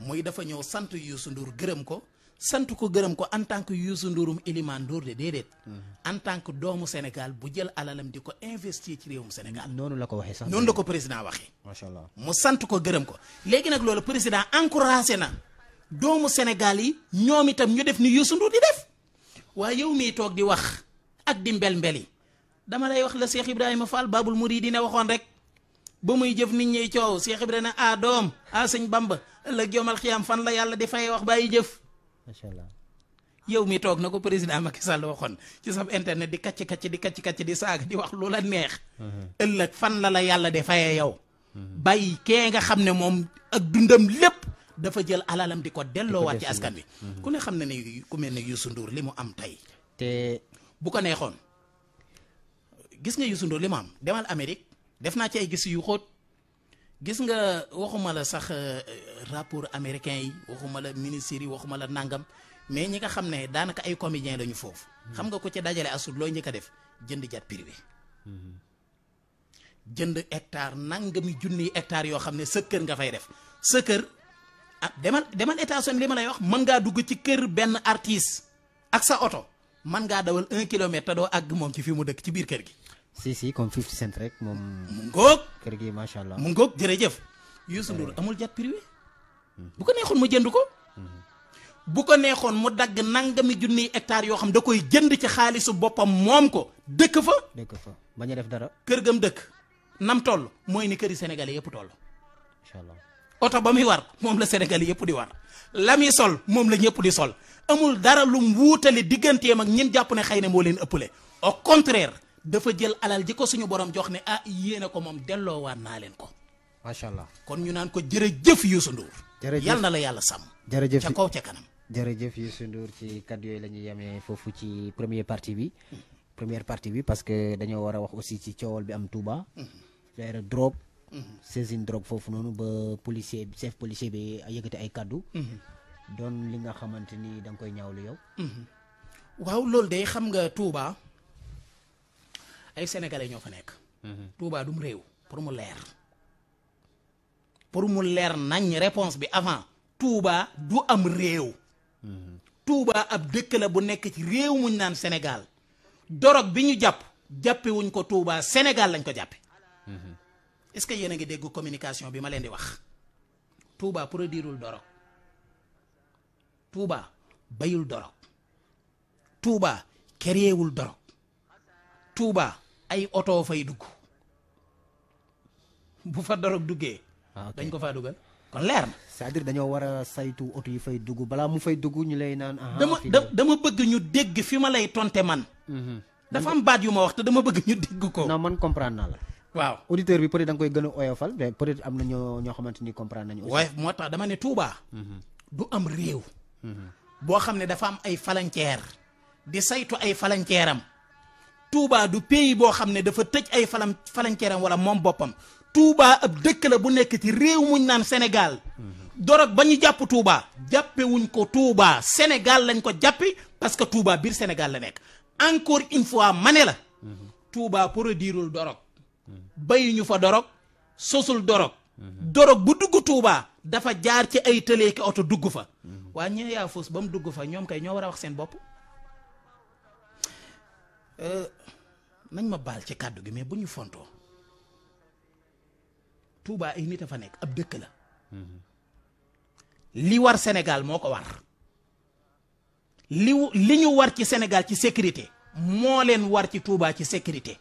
muy dafa ñëw sant Youssou Ndour gërëm ko sant ko gërëm ko en tant que Youssou Ndourum Iliman Ndour de déedéet. Mhm. en tant doomu Sénégal bu jël alalam di ko investir ci réewum Sénégal. noonu la ko waxee sax noonu la ko président waxee. macha mu sant ko gërëm ko léegi nag loolu président encouragé na doomu Sénégal yi ñoom itam ñu def ni Youssou Ndour di def waaye yow miy toog di wax ak di mbel yi dama lay wax la Cheikh Ibrahima Fall Babul Mouridina waxoon rek. ba muy jëf nit ñi coow seex Ibrahima a ah, doom a ah, sëñ Bamba ëllëg yomal la yàlla di wax bàyyi jëf. macha allah yow mi toog na ko président Macky Sall waxoon ci sab internet di kacc kacc di kacc kacc di saaga di wax lu la neex. Uh-huh. ëllëg fan la la yàlla de fayee yow. bàyyi kee nga xam ne moom ak dundam lépp dafa jël alalam di ko delloowaat ci askan wi. ku ne xam ne ne ku mel ne Youssou nduur li mu am tey. te bu ko neexoon gis nga Youssou Ndour li mu am demal Amérique def naa ci ay gis yu xóot. gis nga waxuma la sax euh, rapport américain yi waxuma la ministère yi waxuma nangam mais ñi nga xam ne daanaka ay comédien lañu foofu. Hmm. xam nga ko ci dajale asut loo njëkk a def jënd jet privé. Hmm. jënd hectare nangami junni hectare yoo xam ne sa kër nga fay def sa kër ah, demal demal États-Unis li ma lay wax mën ngaa dugg ci kër benn artiste ak sa oto mën ngaa dawal un kilomètre te doo àgg moom ci fi mu dëkk ci biir kër gi. si si comme 50 Cent rek moom. mu ngoog kër gi macha allah mu ngoog jërëjëf. Youssou Ndour eh. amul jet privé. Hmm. bu ko neexoon mu jënd ko. Hmm. bu ko neexoon mu dagg nangami junniy hectares yoo xam da koy jënd ci xaalisu boppam moom ko dëkk fa. dëkk fa bañ a def dara. kër gam dëkk nam toll mooy ni këri Sénégalais yëpp toll. macha allah oto ba muy war moom la Sénégalais yëpp di war. la muy sol moom la ñëpp di sol amul dara lum wuutale digganteem ak ñin jàpp ne xëy na moo leen ëppale au contraire. dafa jël alal ji ko suñu borom jox ne ah yéen a ko moom delloo delloowaat naa leen ko. macha allah kon ñu naan ko jërëjëf Youssou Ndour. jërëjëf yal na yàlla sàmm. jërëjëf ca kaw ca kanam. jërëjëf Youssou Ndour ci kàddu yooyu la ñuy yemee foofu ci première partie bi. Hmm. première partie bi parce que dañoo war a wax aussi ci coowal bi am Touba. Hmm. vers drogue. Hmm. saisine drogue foofu noonu ba policier chef policier bi ay yëkkati ay kàddu. doon li nga xamante ni da nga koy ñaawlu yow. waaw loolu de xam nga Touba. ay sénégalais ñoo fa nekk. Mhm. du mu réew pour mu leer pour mu leer nañ réponse bi avant Touba du am réew. Mhm. Touba ab dëkk la bu nekk ci réew muñ naan Sénégal dorog bi ñu jàpp jàppe ko Touba Sénégal lañ ko jàppe mhm. est-ce que yéen a ngi dégg communication bi ma leen di wax Touba produirul dorog Touba bayul dorog tuuba créewul dorog Touba ay oto fay dugg bu fa dorog duggee. Ah, dañ ko faa dugal kon leer na. cest dire dañoo war a saytu oto yi fay dugg balaa mu fay dugg ñu lay naan. Ah, dama dama bëgg ñu dégg fi ma lay tonte man. Mhm. dafa am baat yu ma wax te dama bëgg ñu dégg ko. non man comprendre naa la. waaw auditeur bi peut danga koy gën a oyofal mais peut être am na ñoo ñoo xamante ni comprendre nañu. waaye moo tax dama ne Touba. Mhm. du am réew. Mhm. boo xam ne dafa am ay falanceer di saytu ay falanceeram. Touba du pays boo xam ne dafa tëj ay falam falanceeram wala moom boppam Touba ab dëkk la bu nekk ci réew muñ naan Sénégal dorog ba ñu jàpp tuubaa jàppewuñ ko Touba Sénégal lañ ko jàppi parce que Touba biir Sénégal la nekk encore une fois ma ne la Touba produirul dorog bayuñu fa dorog sosul dorog dorog bu dugg tuubaa dafa jaar ci ay tëlee ki oto dugg fa waa ñee yaa fuus ba mu dugg fa ñoom kay ñoo war a wax seen bopp Euh, nañ ma baal ci kàddu gi mais bu ñu fontoo Touba ay nit a fa nekk ab dëkk la mm-hmm. li war Sénégal moo ko war li li ñu war ci Sénégal ci sécurité moo leen war ci Touba ci sécurité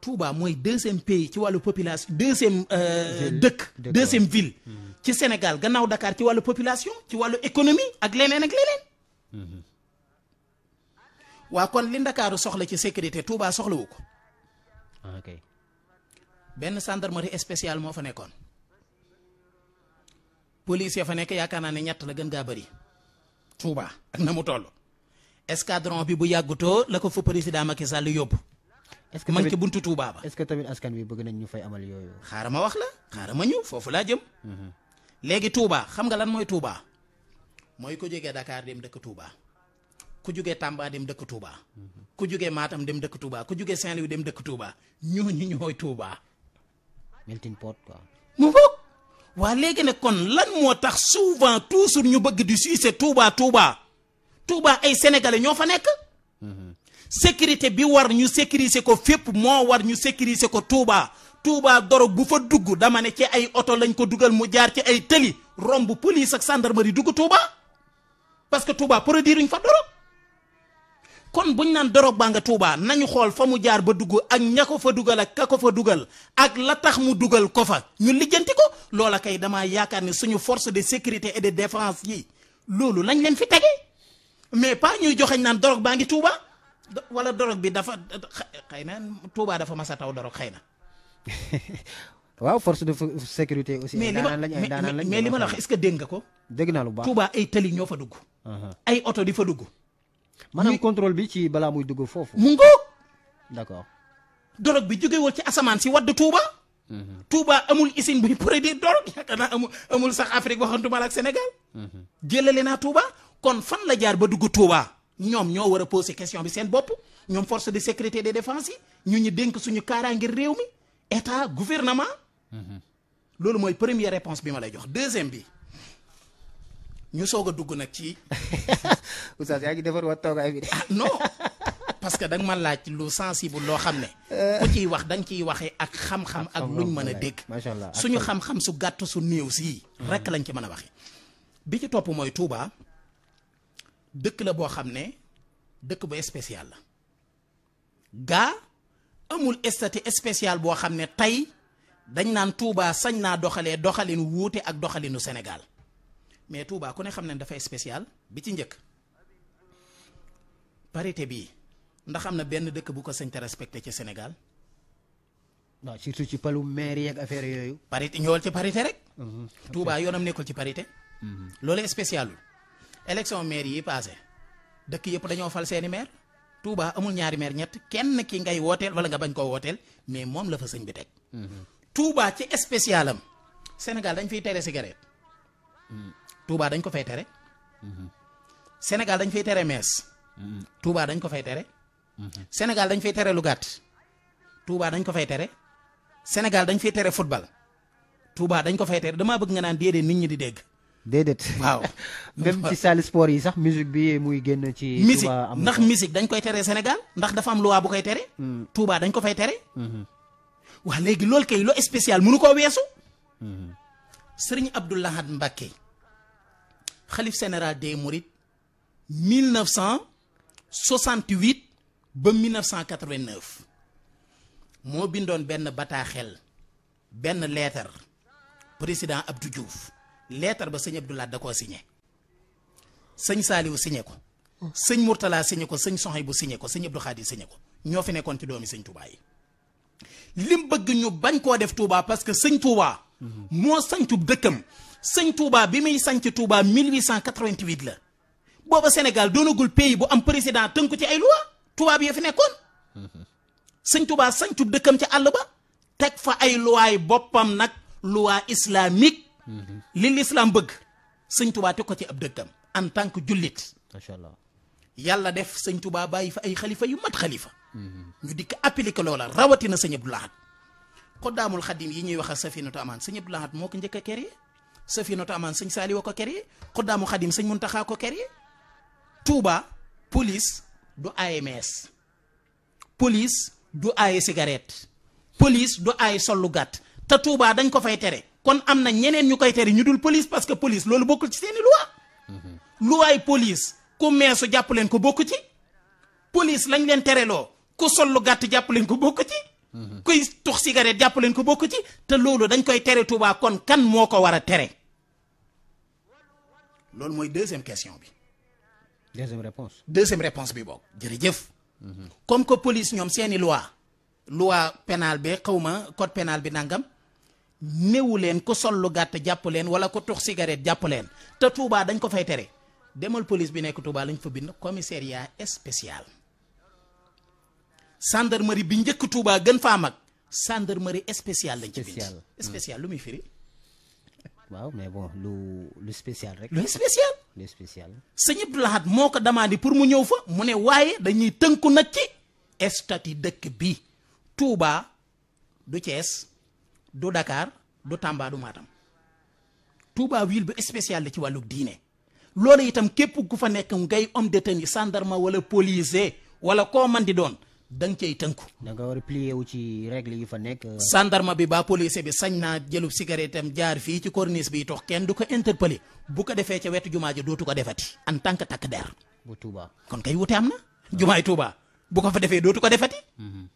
Touba mooy deuxième pays ci wàllu population deuxième euh, dëkk deuxième ville mm-hmm. ci Sénégal gannaaw dakaar ci wàllu population ci wàllu économie ak leneen ak leneen mm-hmm. waa kon li ndakaaru soxla ci sécurité Touba soxlawu ko. ok benn gendarmerie spéciale moo fa nekkoon. police ya fa nekk yaakaar naa ne ñett la gën gaa bari Touba ak na mu toll. escadron bi bu yàggutoo la ko fa président Macky Sall yóbbu. est-ce que tamit man ci buntu Touba ba. est-ce askan wi bëgg nañ ñu fay amal yooyu. xaaral ma wax la xaaral ma ñëw foofu laa jëm. Mhm. léegi Touba xam nga lan mooy Touba. mooy ko jegee dakaar dem dëkk Touba. ku jugee Tamba dem dëkk Touba. ku jugee maatam dem dëkk Touba ku jugee Saint-Louis dem dëkk Touba ñu ñooy Touba. melting pot quoi. mu bokk waa léegi nag kon lan moo tax souvent toujours ñu bëgg di suy c'est Touba Touba Touba ay sénégalais ñoo fa nekk. Mhm. sécurité bi war ñu sécuriser ko fépp moo war ñu sécuriser ko Touba Touba dorog bu fa dugg dama ne ci ay oto lañ ko dugal mu jaar ci ay tëli romb police ak gendarmerie dugg Touba parce que Touba produire ñu fa dorog. kon bu ñu naan baa nga Touba nañu xool fa mu jaar ba dugg ak ña ko fa dugal ak ka ko fa dugal ak la tax mu dugal ko fa ñu lijjanti ko loola kay damaa yaakaar ne suñu force de sécurité et de défense yi loolu lañ leen fi tege mais paa ñuy joxeñ naan Drogba ngi Touba wala dorog bi dafa xëy na Touba dafa mas a taw dorog xëy na. waaw force de sécurité aussi. mais li ma mais li ma la wax est-ce que dégg nga ko. dégg naa lu ay tali ñoo fa dugg. Uh-huh. ay oto di fa dugg. maanaam contrôle bi ci balaa muy dugg foofu. mu ngoog. d'accord dorog bi jógewul ci asamaan si wadd Touba. Mhm. Touba amul usine buy produire dorog yaakaar naa amul amul sax Afrique waxantuma la ak Sénégal. Mhm. jëlale naa Touba kon fan la jaar ba dugg Touba ñoom ñoo war a poser question bi seen bopp ñoom force de sécurité de défenses yi ñu ñu dénk suñu ngir réew mi état gouvernement. Mhm. loolu mooy première réponse bi ma lay jox deuxième bi. ñu soog a dugg nag ci. oustaz yaa ngi toogaay bi de. ah non parce que da nga ma laaj lu sensible loo xam ne. Euh. ku ciy wax dañ ciy waxee ak xam-xam ak luñ mën a dégg. macha allah suñu xam-xam su gàtt su néew sii. Hmm. rek lañ ci mën a waxee. bi ci topp mooy Touba dëkk la boo xam ne dëkk bu spécial la. gaa amul statut spécial boo xam ne tey dañ naan Touba sañ naa doxalee doxalin wuute ak doxalinu Sénégal. mais Touba ku ne xam ne dafay spécial bi ci njëkk parité bii ndax am na benn dëkk bu ko sañ te respecté ci Sénégal. waaw surtout ci palu maire yeeg affaire yooyu. parité ñëwal ci parité rek. Mhm, Touba yoonam nekkul ci parité. Mhm. loolu spécial lu élection dëkk yëpp dañoo fal seeni maire Touba amul ñaari maire ñett kenn ki ngay wooteel wala nga bañ koo wooteel mais moom la fa sëñ bi teg. Mhm. Touba ci spécialam Sénégal dañ fiy tere cigarette. tuubaa dañ ko fay tere. Sénégal dañ fay tere mees. tuubaa dañ ko fay tere. Sénégal dañ fay tere lu gàtt. Touba dañ ko fay tere. Sénégal dañ fay tere football. Touba dañ ko fay tere damaa bëgg nga naan déedéet nit ñi di dégg. déedéet waaw. même ci salle yi sax musique bi muy génn ci. Touba ndax musique dañ koy tere Sénégal ndax dafa am loi bu koy tere. Hmm. tuubaa dañ ko fay tere. Hmm. waa léegi loolu kay loo spécial mënu koo weesu. Hmm. sëriñ Abdoul Ahad xalif général des Mourides 1968 ba 1989 moo bindoon benn bataaxel benn leetar président Abdou Diouf leetar ba sëñ Abdoulaye da koo signé sëñ Saliou signé ko. sëñ Mourtala signé ko sëñ Soxay bu signé ko sëñ Abdou Khadi signé ko ñoo fi nekkoon ci doomi sëñ Touba yi. lim bëgg ñu bañ koo def Touba parce que sëñ Touba. moo sañtu dëkkam. sëñ Touba bi muy sanc Touba 1888 la booba Sénégal doonagul pays bu am président tënku ci ay loi tubaab yi fi nekkoon sëñ Touba sancub dëkkam ci àll ba teg fa ay luwaay boppam nag loi islamique li l'islam bëgg sëñ Touba teg ko ci ab dëkkam en tant que jullit macha allah yàlla def sëñ Touba bàyyi fa ay xalifa yu mat xalifa mhm. ñu dikk appliqué loola rawatina sëñ Abdou Lahad xoddaamul xadim yi ñuy wax a safinatu amaan sëñ Abdou Lahad moo ko njëkk a yi safinatu amaan sëñ saali wa ko créé xuddaamu xadim sëñ taxaa ko créé Touba police du aaye mees polis du aaye cigarette police du aaye sollu gàtt te Touba dañ ko fay tere kon am na ñeneen ñu koy tere ñu dul police parce que police loolu bokkul ci seeni loi mhm. luwaay police ku meesu jàpp leen ko bokk ci police lañ leen tereloo ku sollu gàtt jàpp leen ko bokk ci kuy tux cigarette jàpp leen ko bokk ci te loolu dañ koy tere Touba kon kan moo ko war a tere loolu mooy deuxième question bi. deuxième réponse deuxième réponse bi bokk jërëjëf. comme que police ñoom seeni loi loi pénale bi xawma code pénal bi nangam néewu leen ko sol lu gàtt jàpp leen wala ko tux cigarette jàpp leen te Touba dañ ko fay tere demal police bi nekk Touba lañ fa bind commissariat spécial. gendarmerie bi njëkk tuubaa gën faa mag gendarmerie spéciale lañ ci bind spéciale hmm. lu muy firi waaw lu lu spécial rek. lu spécial. lu moo ko demandé pour mu ñëw fa mu ne waaye dañuy tënku nag ci statut dëkk bi Touba du Thiès du dakaar du Tamba du Matam Touba ville bi spécial la ci wàllu diine loolu itam képp ku fa nekk ngay homme de tenue gendarme wala policier wala koo man di doon da nga cay tënku. da nga war a wu ci règle yi fa nekk. sandarma bi ba police bi sañ naa jëlu cigarette am jaar fii ci corniche bi tox kenn du ko interpeller bu ko defee ca wetu jumaa ja dootu ko defati en tant que takk der. bu Touba kon kay wute am na. jumaay Touba bu ko fa defee dootu ko defati. Mhm.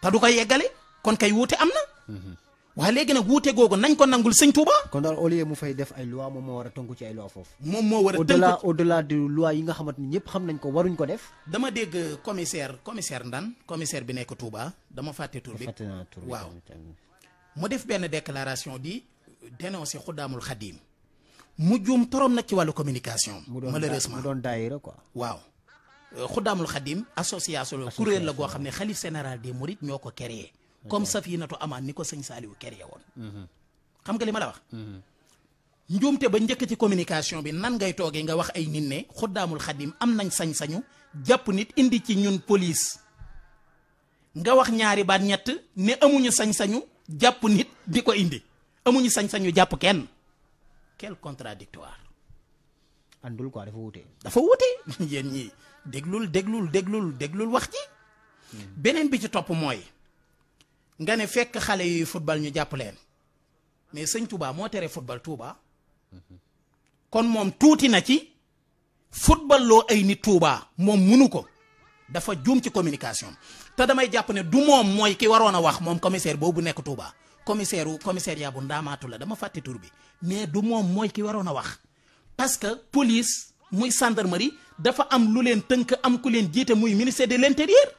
te du ko yeggale kon kay wute am na. Mhm. waaw léegi nag wuute googu nañ ko nangul sëñ Touba. kon daal au lieu mu fay def ay loi moom moo war a tënku ci ay loi foofu. moom moo war a tënku au delà au delà de loi yi nga xamante ni ñëpp xam nañ ko waruñ ko def. dama dégg commissaire commissaire Ndan commissaire bi nekk Touba dama fàtte tur bi fàtte naa tur bi waaw. mu def benn déclaration di dénoncer xuddaamul xadiim mu juum torom nag ci wàllu communication. malheureusement mu doon daayira ko waaw xuddaamul euh, xadiim association. association kuréel la goo xam ne xalif général des mourides ñoo ko créé. comme safinatu amaan ni ko sëñ saaliwu ker woon mhm. xam nga li ma la wax mhm. njuumte ba njëkk ci communication bi nan ngay toogee nga wax ay nit ne xuddaamul xadim am nañ sañ-sañu jàpp nit indi ci ñun police nga wax ñaari baat ñett ne amuñu sañ-sañu jàpp nit di ko indi amuñu sañ-sañu jàpp kenn quel contradictoire àndul quoi dafa wute dafa wute yéen ñi déglul déglul déglul déglul wax ji hmm. beneen bi ci topp mooy nga ne fekk xale yi football ñu jàpp leen mais sëñ Touba moo tere football Touba kon moom tuuti na ci football loo ay nit Touba moom munu ko dafa juum ci communication te damay jàpp ne du moom mooy ki waroon a wax moom commissaire boobu nekk Touba commissaire wu commissariat dama fàtte tur bi mais du moom mooy ki waroon a wax parce que police muy gendarmerie dafa am lu leen tënk am ku leen jiite muy ministre de l'intérieur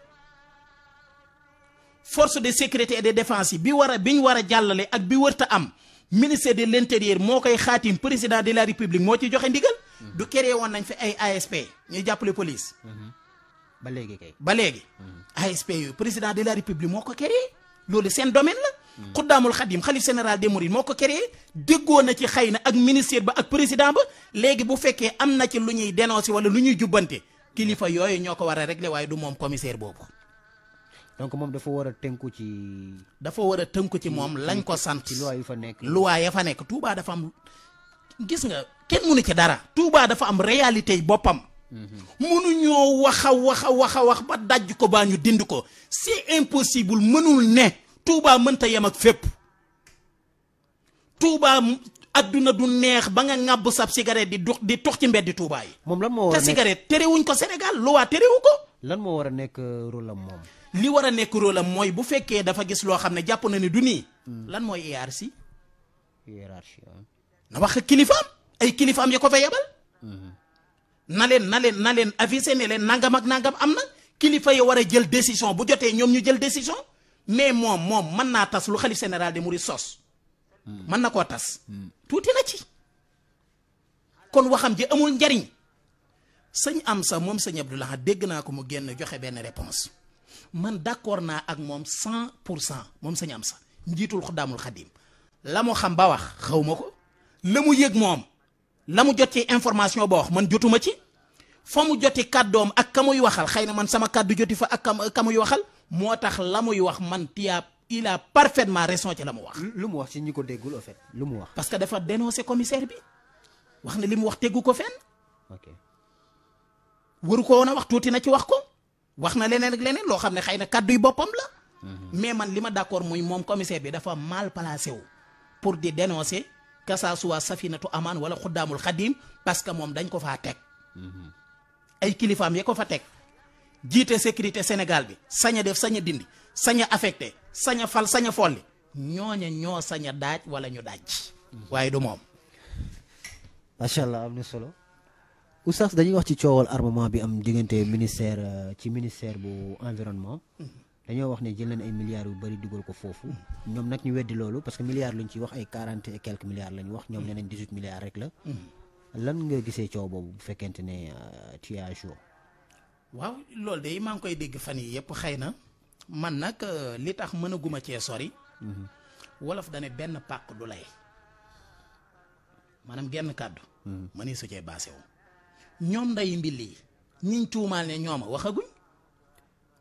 force de sécurité de défense yi bi war a bi ñu war a jàllale ak bi wërta am ministère de l'intérieur moo koy xaatim président de la république moo ci joxe ndigal. Mm-hmm. du keree woon nañ fi ay ASP ñuy jàppale police. Mm-hmm. ba léegi kay ba léegi. Mm-hmm. ASP yooyu président de la république moo ko créé loolu seen domaine la. xuddaamul xadim xalif sénéral des mourides moo ko créé déggoo na ci xëy na ak ministère ba ak président ba léegi bu fekkee am na ci lu ñuy dénoncé wala lu ñuy jubbante kilifa yooyu ñoo ko war a réglé waaye du moom commissaire boobu. donc moom dafa war a tënku ci. dafa war a tënku ci moom lañ ko sant. ci luwaa yu fa nekk luwaa ya fa nekk Touba dafa am gis nga kenn mënu ci dara. tuubaa dafa am réalité yi boppam. Mhm. mënuñoo wax a wax a wax wax ba dajj ko baa ñu dind ko c'est impossible mënul ne Touba mënta yem ak fépp. Touba adduna du neex ba nga ŋàbb sab cigarette di dux di tux ci mbeddi Touba yi. moom lan moo war a nekk te terewuñ ko Sénégal luwaa terewu ko. lan moo war a nekk rôle moom. li war a nekk rôle mooy bu fekkee dafa gis loo xam ne jàpp na ne du nii. lan mooy hiérarchie. hiérarchie na wax kilifaam ay kilifaam ya ko fa yebal. Mhm. na leen na leen na leen avisé ne leen nangam ak nangam am na kilifa yi war a jël décision bu jotee ñoom ñu jël décision mais moom moom mën naa tas lu xalif général de Mouride sos. Mhm. mën na koo tas. Mhm. tuuti na ci. kon waxam ji amul njariñ sañ am sa moom sëñ Abdou Lahad dégg naa ko mu génn joxe benn réponse man d'accord naa ak moom cent pour cent moom sañ am sa njiitul xuddaamul xadim la mu xam ba wax xaw ma ko la mu yëg moom la mu jot ci information ba wax man jotuma ci fa mu joti kàddoom ak ka muy waxal xëy na man sama kàddu joti fa ak ka muy waxal moo tax la muy wax man tiyaab il a parfaitement raison ci la mu wax. lu mu wax ci ñi ko déggul en fait lu mu wax. parce que dafa dénoncer commissaire bi wax ne li mu wax teggu ko fenn. ok waru ko woon a wax tuuti na ci wax ko. wax na leneen ak leneen loo xam ne xëy na kàddu yi boppam la. mais man li ma d'accord muy moom commissaire bi dafa mal placé wu pour di dénoncer que ça soit safinatu amaan wala xuddaamul xadim parce que moom dañ ko faa teg. ay kilifaam ya ko fa teg jiite sécurité Sénégal bi sañ a def sañ a dindi sañ a affecté sañ fal sañ a folli ñooña ñoo sañ a daaj wala ñu daaj. waaye du moom. macha allah am na solo. Oustaz dañuy wax ci coowal armement bi am diggante ministère euh, ci ministère bu environnement. Mm-hmm. dañoo wax ne jël nañ ay milliards yu bëri dugal ko foofu. ñoom nag ñu weddi loolu parce que milliards lañ ci wax ay quarante et quelques milliards wax ñoom nee nañ dix huit milliards rek la. Mm-hmm. lan nga gisee coow boobu bu fekkente ne euh, tu es waaw loolu de maa ngi koy dégg fan yi yëpp xëy na man nag euh, li tax mënaguma cee sori. Mm-hmm. wolof dane benn pàq du lay. maanaam genn kàddu. mënee su cee baasewu ñoom nday mbill yi ñiñ tuumaal ne ñooma waxaguñ.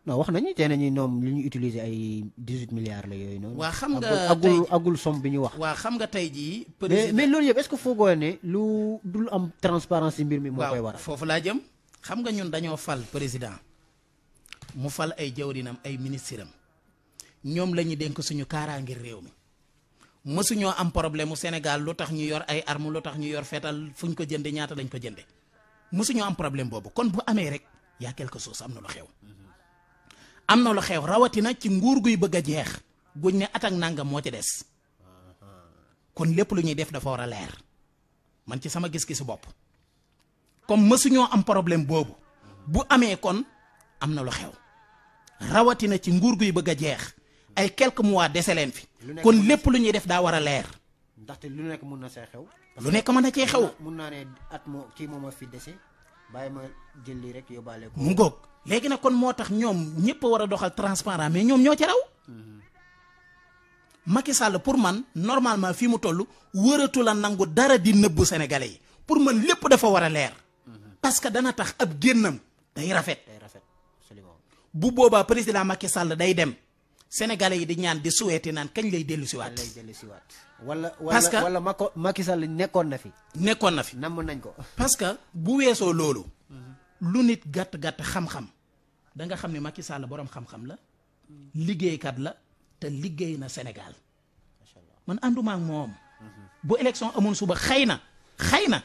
non wax nañu tey nañu ñoom lu ñu utiliser ay dix-huit milliards la yooyu noonu. waa xam nga agul agul somme bi ñu wax. waa xam nga tey jii. président mais loolu yëpp est-ce que ne lu dul am transparence ci mbir mi. moo koy waral foofu laa jëm. xam nga ñun dañoo fal président mu fal ay jawrinam ay ministres am ñoom la denk suñu suñu ngir réew mi mësuñoo am problème mu Sénégal lu tax ñu yor ay arm lu tax ñu yor fetal fuñ ko jëndee ñaata lañ ko jëndee. mësuñu am problème boobu kon bu amee rek yaa quelque chose am na lu xew am na lu xew rawatina ci nguur guy bëgg a jeex guñ ne at ak nangam moo ci des kon lépp lu ñuy def dafa war a leer man ci sama gis-gisu bopp comme mësuñoo am problème boobu bu amee kon am na lu xew rawatina ci nguur guy bëgg a jeex ay quelques mois dese leen fi kon lépp lu ñuy def daa war a leer ndaxte lu nekk mun na see xew lu nekk mën na cee xew. mun naa ne at moo kii moom a fi dese bàyyi ma jël lii rek yóbbaale mu ngoog léegi nag kon moo tax ñoom ñëpp war a doxal transparent mais ñoom ñoo ci raw. Mm-hmm. Macky Sall pour man normalement fii mu toll wëratu la nangu dara di nëbbu Sénégalais yi pour man lépp dafa war a leer. Mm-hmm. parce que dana tax ab génnam day rafet. day rafet bu boobaa président Macky Sall day dem. sénégalais yi di ñaan di souhaité naan kañ lay dellu siwaat lay dellu siwaat wala parce wala Mako Macky Sall nekkoon na fi nekkoon na fi namm nañ ko parce que bu weesoo loolu lu nit gàtt-gàtt xam-xam da xam ne Macky Sall boroom xam-xam la liggéeykat la te liggéey na Sénégal man ànduma ak moom bu élection amoon suba xëy na xëy na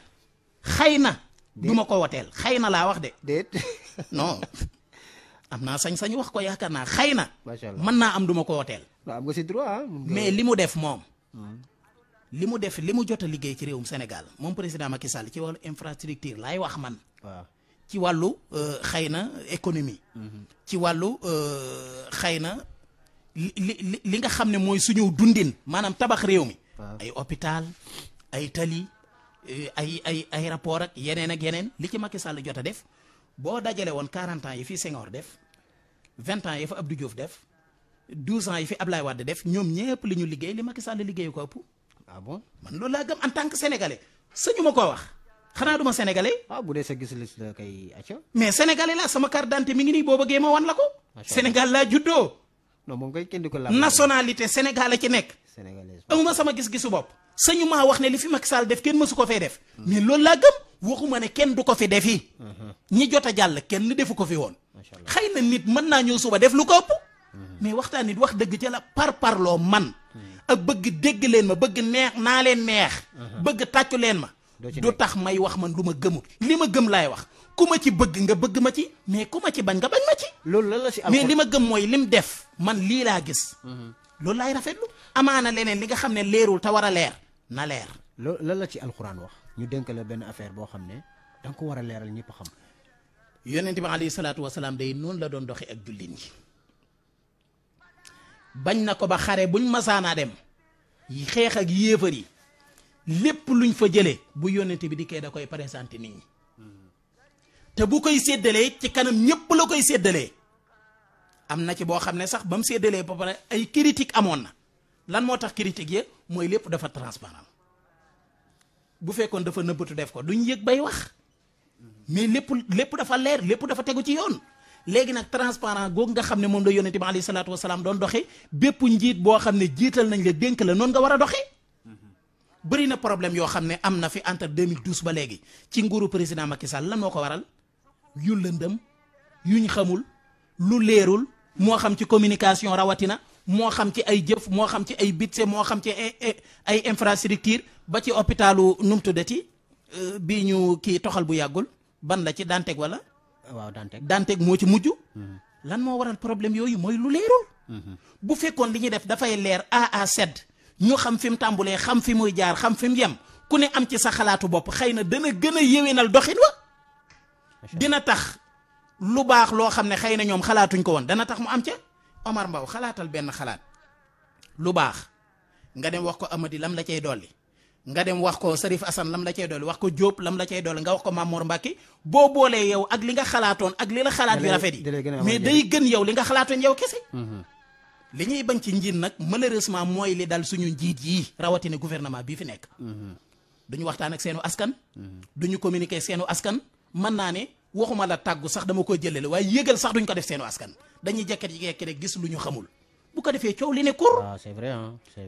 xëy na du ma ko woteel xëy na laa wax de non am naa sañ-sañu wax ko yaakaar naa xëy na. macha mën naa am duma ko woteel. am nga si droit ah, mais li mu def moom. Hmm. li mu def li mu jota liggéey ci réewum Sénégal moom président Macky Sall ci wàllu infrastructure laay wax man. ci wàllu euh, xëy na économie. Hmm. ci wàllu euh, xëy na li nga xam ne mooy suñu dundin maanaam tabax réew mi. ay hopital ay tali euh, ay ay ay rapport ak yeneen ak yeneen li ci Macky Sall jot a def. boo dajale woon 40 ans yi fi Senghor def 20 ans yi fa Abdou Diouf def 12 ans yi fi Ablaye Wade def ñoom ñëpp li ñu liggéey li Macky Sall liggéey ko ëpp. Ah bon man loolu laa gëm en tant que sénégalais sëñu ma koo wax xanaa duma sénégalais. ah bu dee sa gis-gis la kay mais sénégalais laa sama carte d'identité mi ngi nii boo bëggee ma wan la ko. Sénégal laa juddoo. non moom kay kenn du ko laaj nationalité Sénégal la ci nekk. sénégalais amuma sama gis-gisu bopp. sañu maa wax ne li fi mag Sall def kenn mësu ko fee def. mais loolu laa gëm waxuma ne kenn du ko fi def defi. Mhm. ñi jot a jàll kenn defu ko fi woon. xëy na nit mën naa ñëw suba def lu ko ëpp. Mhm. mais waxtaan nit wax dëgg ca la par parloo man. Mhm. ak bëgg dégg leen ma bëgg neex naa leen meex bëgg tàccu leen ma. du tax may wax man lu ma gëmul li ma gëm laay wax. ku ma ci bëgg nga bëgg ma ci mais ku ma ci bañ nga bañ ma ci. loolu la la si mais li ma gëm mooy lim def man lii laa gis. Mhm. loolu laay rafetlu amaana leneen li nga xam ne leerul te war a leer na leer. lan la ci alxuraan wax ñu dénk benn affaire boo xam ne da ko war a leeral ñëpp xam. yonent bi alayhi salaatu wa salaam noonu la doon doxee ak jullit ñi bañ na ko ba xare buñ masaanaa dem xeex ak yéefar yi lépp luñ fa jëlee bu yonent bi di dikkee da koy présenté nit ñi. te bu koy séddalee ci kanam ñépp la koy séddalee am na ci boo xam ne sax ba mu séddalee ba pare ay critique amoon na lan moo tax critique yi mooy lépp dafa transparent bu fekkoon dafa nëbbatu def ko duñ yëg bay wax mais lépp lépp dafa leer lépp dafa tegu ci yoon léegi nag transparent googu nga xam ne moom la yonent bi alayhi salaatu wasalaam doon doxe bépp njiit boo xam ne jiital nañ la dénk la noonu nga war a doxe bëri na problème yoo xam ne am na fi entre 2012 ba léegi ci nguuru président Macky Sall lan moo ko waral yu lëndëm yuñ xamul lu leerul moo xam ci communication rawatina moo xam ci ay jëf moo xam ci ay bitse moo xam ci ay infrastructure ba ci hôpitalu num tuddati euh, bi ñu kii toxal bu yàggul ban la ci danteeg wala. waaw Dantec Dantec moo ci mujj. Mhm. lan moo waral problème yooyu mooy lu leerul. Mhm. bu fekkoon li ñuy def dafay leer a à sedd ñu xam fi mu tàmbulee xam fi muy jaar xam fi yem ku ne am ci sa xalaatu bopp xëy na dana gën a yéwénal doxin wa. dina tax lu baax loo xam ne xëy na ñoom xalaatuñ ko woon dana tax mu am ca Omar Mbaw xalaatal benn xalaat lu baax nga dem wax ko amadi lam la cey dolli nga dem wax ko Serif Assane lam la cay dolli wax ko Diop lam la cey dolli nga wax ko Mamour Mbacke boo boolee yow ak li nga xalaatoon ak li la xalaat yu rafet yi mais day gën yow li nga xalaatoon yow kese mm-hmm. li ñuy bañ ci njiit nag malheureusement mooy li dal suñu njiit yi rawatina gouvernement bii fi nekk mm-hmm. duñu waxtaan ak seenu askan mm-hmm. duñu communiquer seenu askan mën naa ne waxuma la tàggu sax dama koy jëlale waaye yëgal sax duñ ko def seenu askan dañuy jekkat yi jekkat rek gis lu ñu xamul bu ko defee coow li ne kur ah, c'est vrai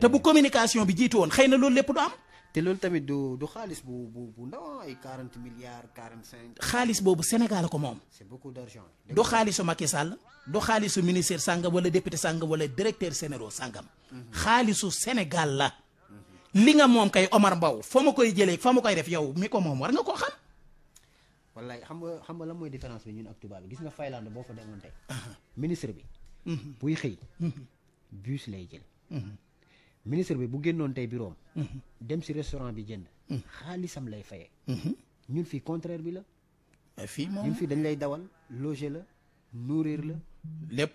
te bu communication bi jiitu woon xëy na loolu lépp du am te loolu tamit du du xaalis bu bu bu ndaw ay 40 milliards 45. xaalis boobu Sénégal ko moom. c'est beaucoup d'argent. du xaalisu Macky Sall du xaalisu ministère sàngam wala député sàngam wala directeur général sàngam. Mhm. xaalisu Sénégal la. li nga moom kay Omar Mbaw foo ma koy jëlee fa ma koy def yow mi ko moom war nga koo xam. wallaay xam nga xam nga lan mooy différence bi ñun ak tubaab bi gis nga Finlande boo fa demoon tey. Uh-huh. ministre bi. Uh-huh. buy xëy. Uh-huh. bus lay jël. ministre bi bu génnoon tey bureau dem si restaurant bi jënd. xaalisam lay fayee. ñun fii contraire bi la. fii moom ñun fii dañ lay dawal loger la nourrir la. lépp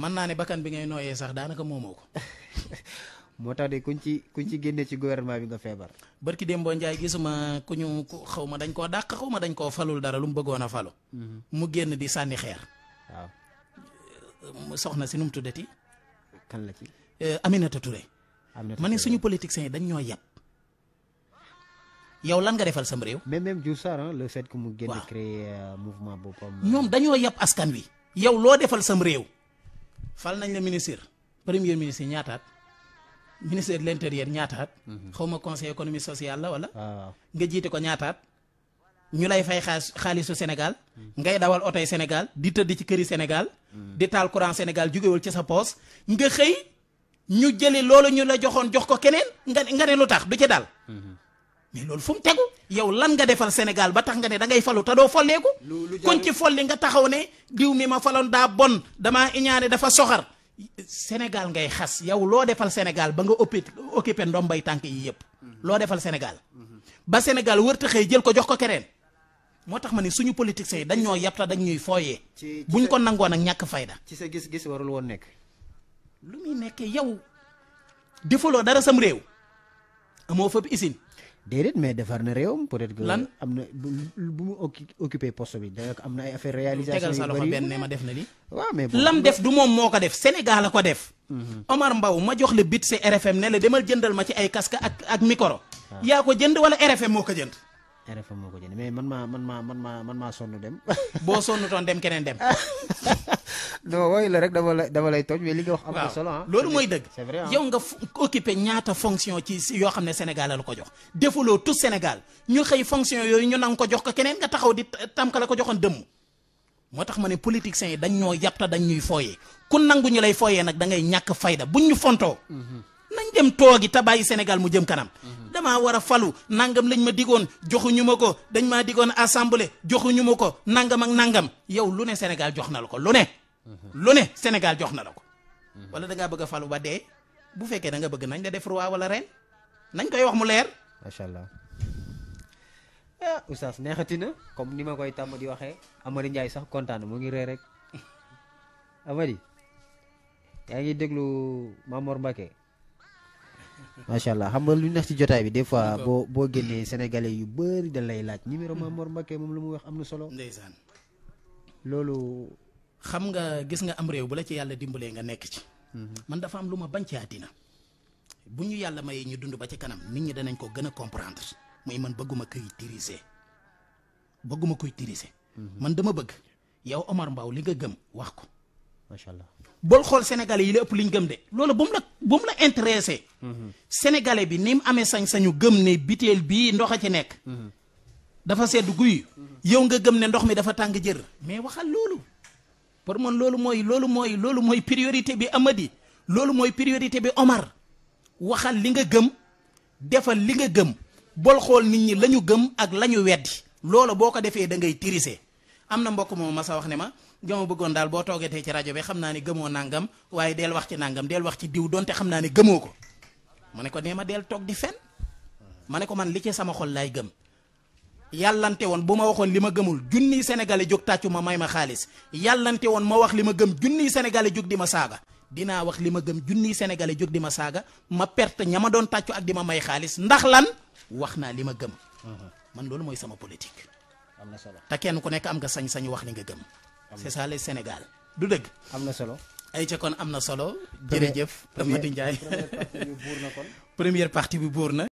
mën naa ne bakkan bi ngay nooyee sax daanaka moomoo ko. moo tax de kuñ ci kuñ ci génnee ci gouvernement bi nga feebar. barki Demba Ndiaye gisuma ku ñu xaw ma dañ koo dàq xaw ma dañ koo falul dara lu mu bëggoon a falu. Mhm. mu génn di sànni xeer. waaw euh, soxna si nu mu tuddati. kan la ci. Euh, Aminata Touré. Aminata Touré ma ne suñu politiciens yi dañ ñoo yab. yow lan nga defal sam réew. mais même Diouf Sarr le fait mu génn créer euh, mouvement boppam. ñoom dañoo yab askan wi. yow loo defal sam réew. fal nañ la ministre premier ministre ñaataat. ministère de l'intérieur ñaata at. Mhm. xaw ma conseil économique social la wala. Ah. nga jiite ko ñaata ñu lay fay xaalis xaalisu Sénégal. Mhm. ngay dawal otoy Sénégal di tëdd ci këri Sénégal. Mhm. di taal courant Sénégal jugewul ci sa poos nga xëy ñu jëli loolu ñu la joxoon jox ko keneen nga ne lu tax du ci daal mais loolu fu mu tegu yow lan nga defal Sénégal ba tax nga ne da ngay falu te doo folleeku. kon ci folli nga taxaw ne diw mi ma faloon daa bon damaa iñaane dafa soxar. Sénégal ngay xas yow loo defal Sénégal ba nga occupé occupé ndombay tànk yi yëpp. Mhm. loo defal Sénégal. Mhm. ba Sénégal wërta xëy jël ko jox ko kereen moo tax ma ni suñu politiciens yi dañ ñoo yabta dañ ñuy fooyee. buñ ko nangoon ak ñàkk fayda. ci sa gis-gis warul woon nekk. lu muy nekkee yow defaloo dara sam réew amoo fëpp usine. déedéet mais defar na réewam peut-être lan am na bu bu mu occupé poste bi da am na ay affaire réalisation tegal sa loxo benn ma def na li waaw mais lam def du moom moo ko def Sénégal a ko def. Mhm. Omar Mbaw ma jox la bit si RFM ne la demal jëndal ma ci ay casque ak ak micro. Ah. yaa ko jënd wala RFM moo ko jënd. RFM moo ko jënd mais man maa man maa man maa man maa sonn dem. boo sonn toon dem keneen dem. non wooy la rek dama lay dama lay li nga wax. am na solo ah loolu mooy dëgg. yow nga occupé ñaata fonction ci yoo xam ne Sénégal ko jox. defuloo tout Sénégal ñu xëy fonction yooyu ñu nang ko jox ko keneen nga taxaw di tamka la ko joxoon dëmm. moo tax ma ne politiciens yi dañ ñoo yàpp te dañ ñuy fooyee ku nangu ñu lay fooyee nag da ngay fayda buñ ñu fontoo. Mm-hmm. nañ dem toogi te bàyyi Sénégal mu jëm kanam damaa war a falu nangam lañ ma digoon joxuñu ma ko dañ maa digoon assemblée joxuñu ma ko nangam ak nangam yow lu ne Sénégal jox na ko lu ne lu ne Sénégal jox na la ko wala danga ngaa bëgg falu ba dee bu fekkee da nga bëgg nañ la def roi wala reine nañ koy wax mu leer macha allah ah neexati na comme ni ma koy tàmm di waxee Amady Ndiaye sax kontaan mu ngi ree rek Amady yaa ngi déglu Mamor Mbacke macha allah xam nga lu neex ci jotaay bi des fois boo boo génnee sénégalais yu bëri da lay laaj numéro moor Mbacké moom lu mu wax am na solo. ndeysaan loolu. xam nga gis nga am réew bu la ci yàlla dimbalee nga nekk ci. Mhm. man dafa am lu ma bañ ci àddina bu ñu yàlla may ñu dund ba ci kanam nit ñi danañ ko gën a comprendre muy man bëgguma koy tirise bëgguma koy tirise mhm. man dama bëgg yow Omar Mbaw li nga gëm wax ko. macha bool xool sénégalais yi la ëpp li ñu gëm de loolu ba mu la ba mu la intéressé mhm. sénégalais bi ni mu amee sañ-sañu gëm ne biteel bii ndox a ci nekk mhm. dafa sedd guy mhm. yow nga gëm ne ndox mi dafa tàng jër mais waxal loolu pour man loolu mooy loolu mooy loolu mooy priorité bi Amady loolu mooy priorité bi Omar waxal li nga gëm defal li nga gëm bool xool nit ñi la ñu gëm ak la ñu weddi loolu boo ko defee da ngay tirise am na mbokk moom ma sa wax ne ma gama bëggoon daal boo toogatee ci rajo bi xam naa ne gëmoo nangam waaye del wax ci nangam del wax ci diw donte xam naa ne gëmoo ko ma ne ko dee ma del toog di fen ma ne ko man li ci sama xol laay gëm yàllante woon bu ma waxoon li ma gëmul junniy sénégalais jóg tàccu ma may ma xaalis yàllante woon ma wax li ma gëm junniy sénégalais jóg di ma saaga dinaa wax li ma gëm junni sénégalais jóg di ma saaga ma perte ña ma doon tàccu ak di ma may xaalis ndax lan wax naa li ma gëm man loolu mooy sama politique am na solo te kenn ku nekk am nga sañ-sañu wax li nga gëm c'est ça Sénégal du dëgg. am na solo. ay kon am na solo. jërëjëf Amady Ndiaye. première partie bi buur na kon. première partie bi buur na.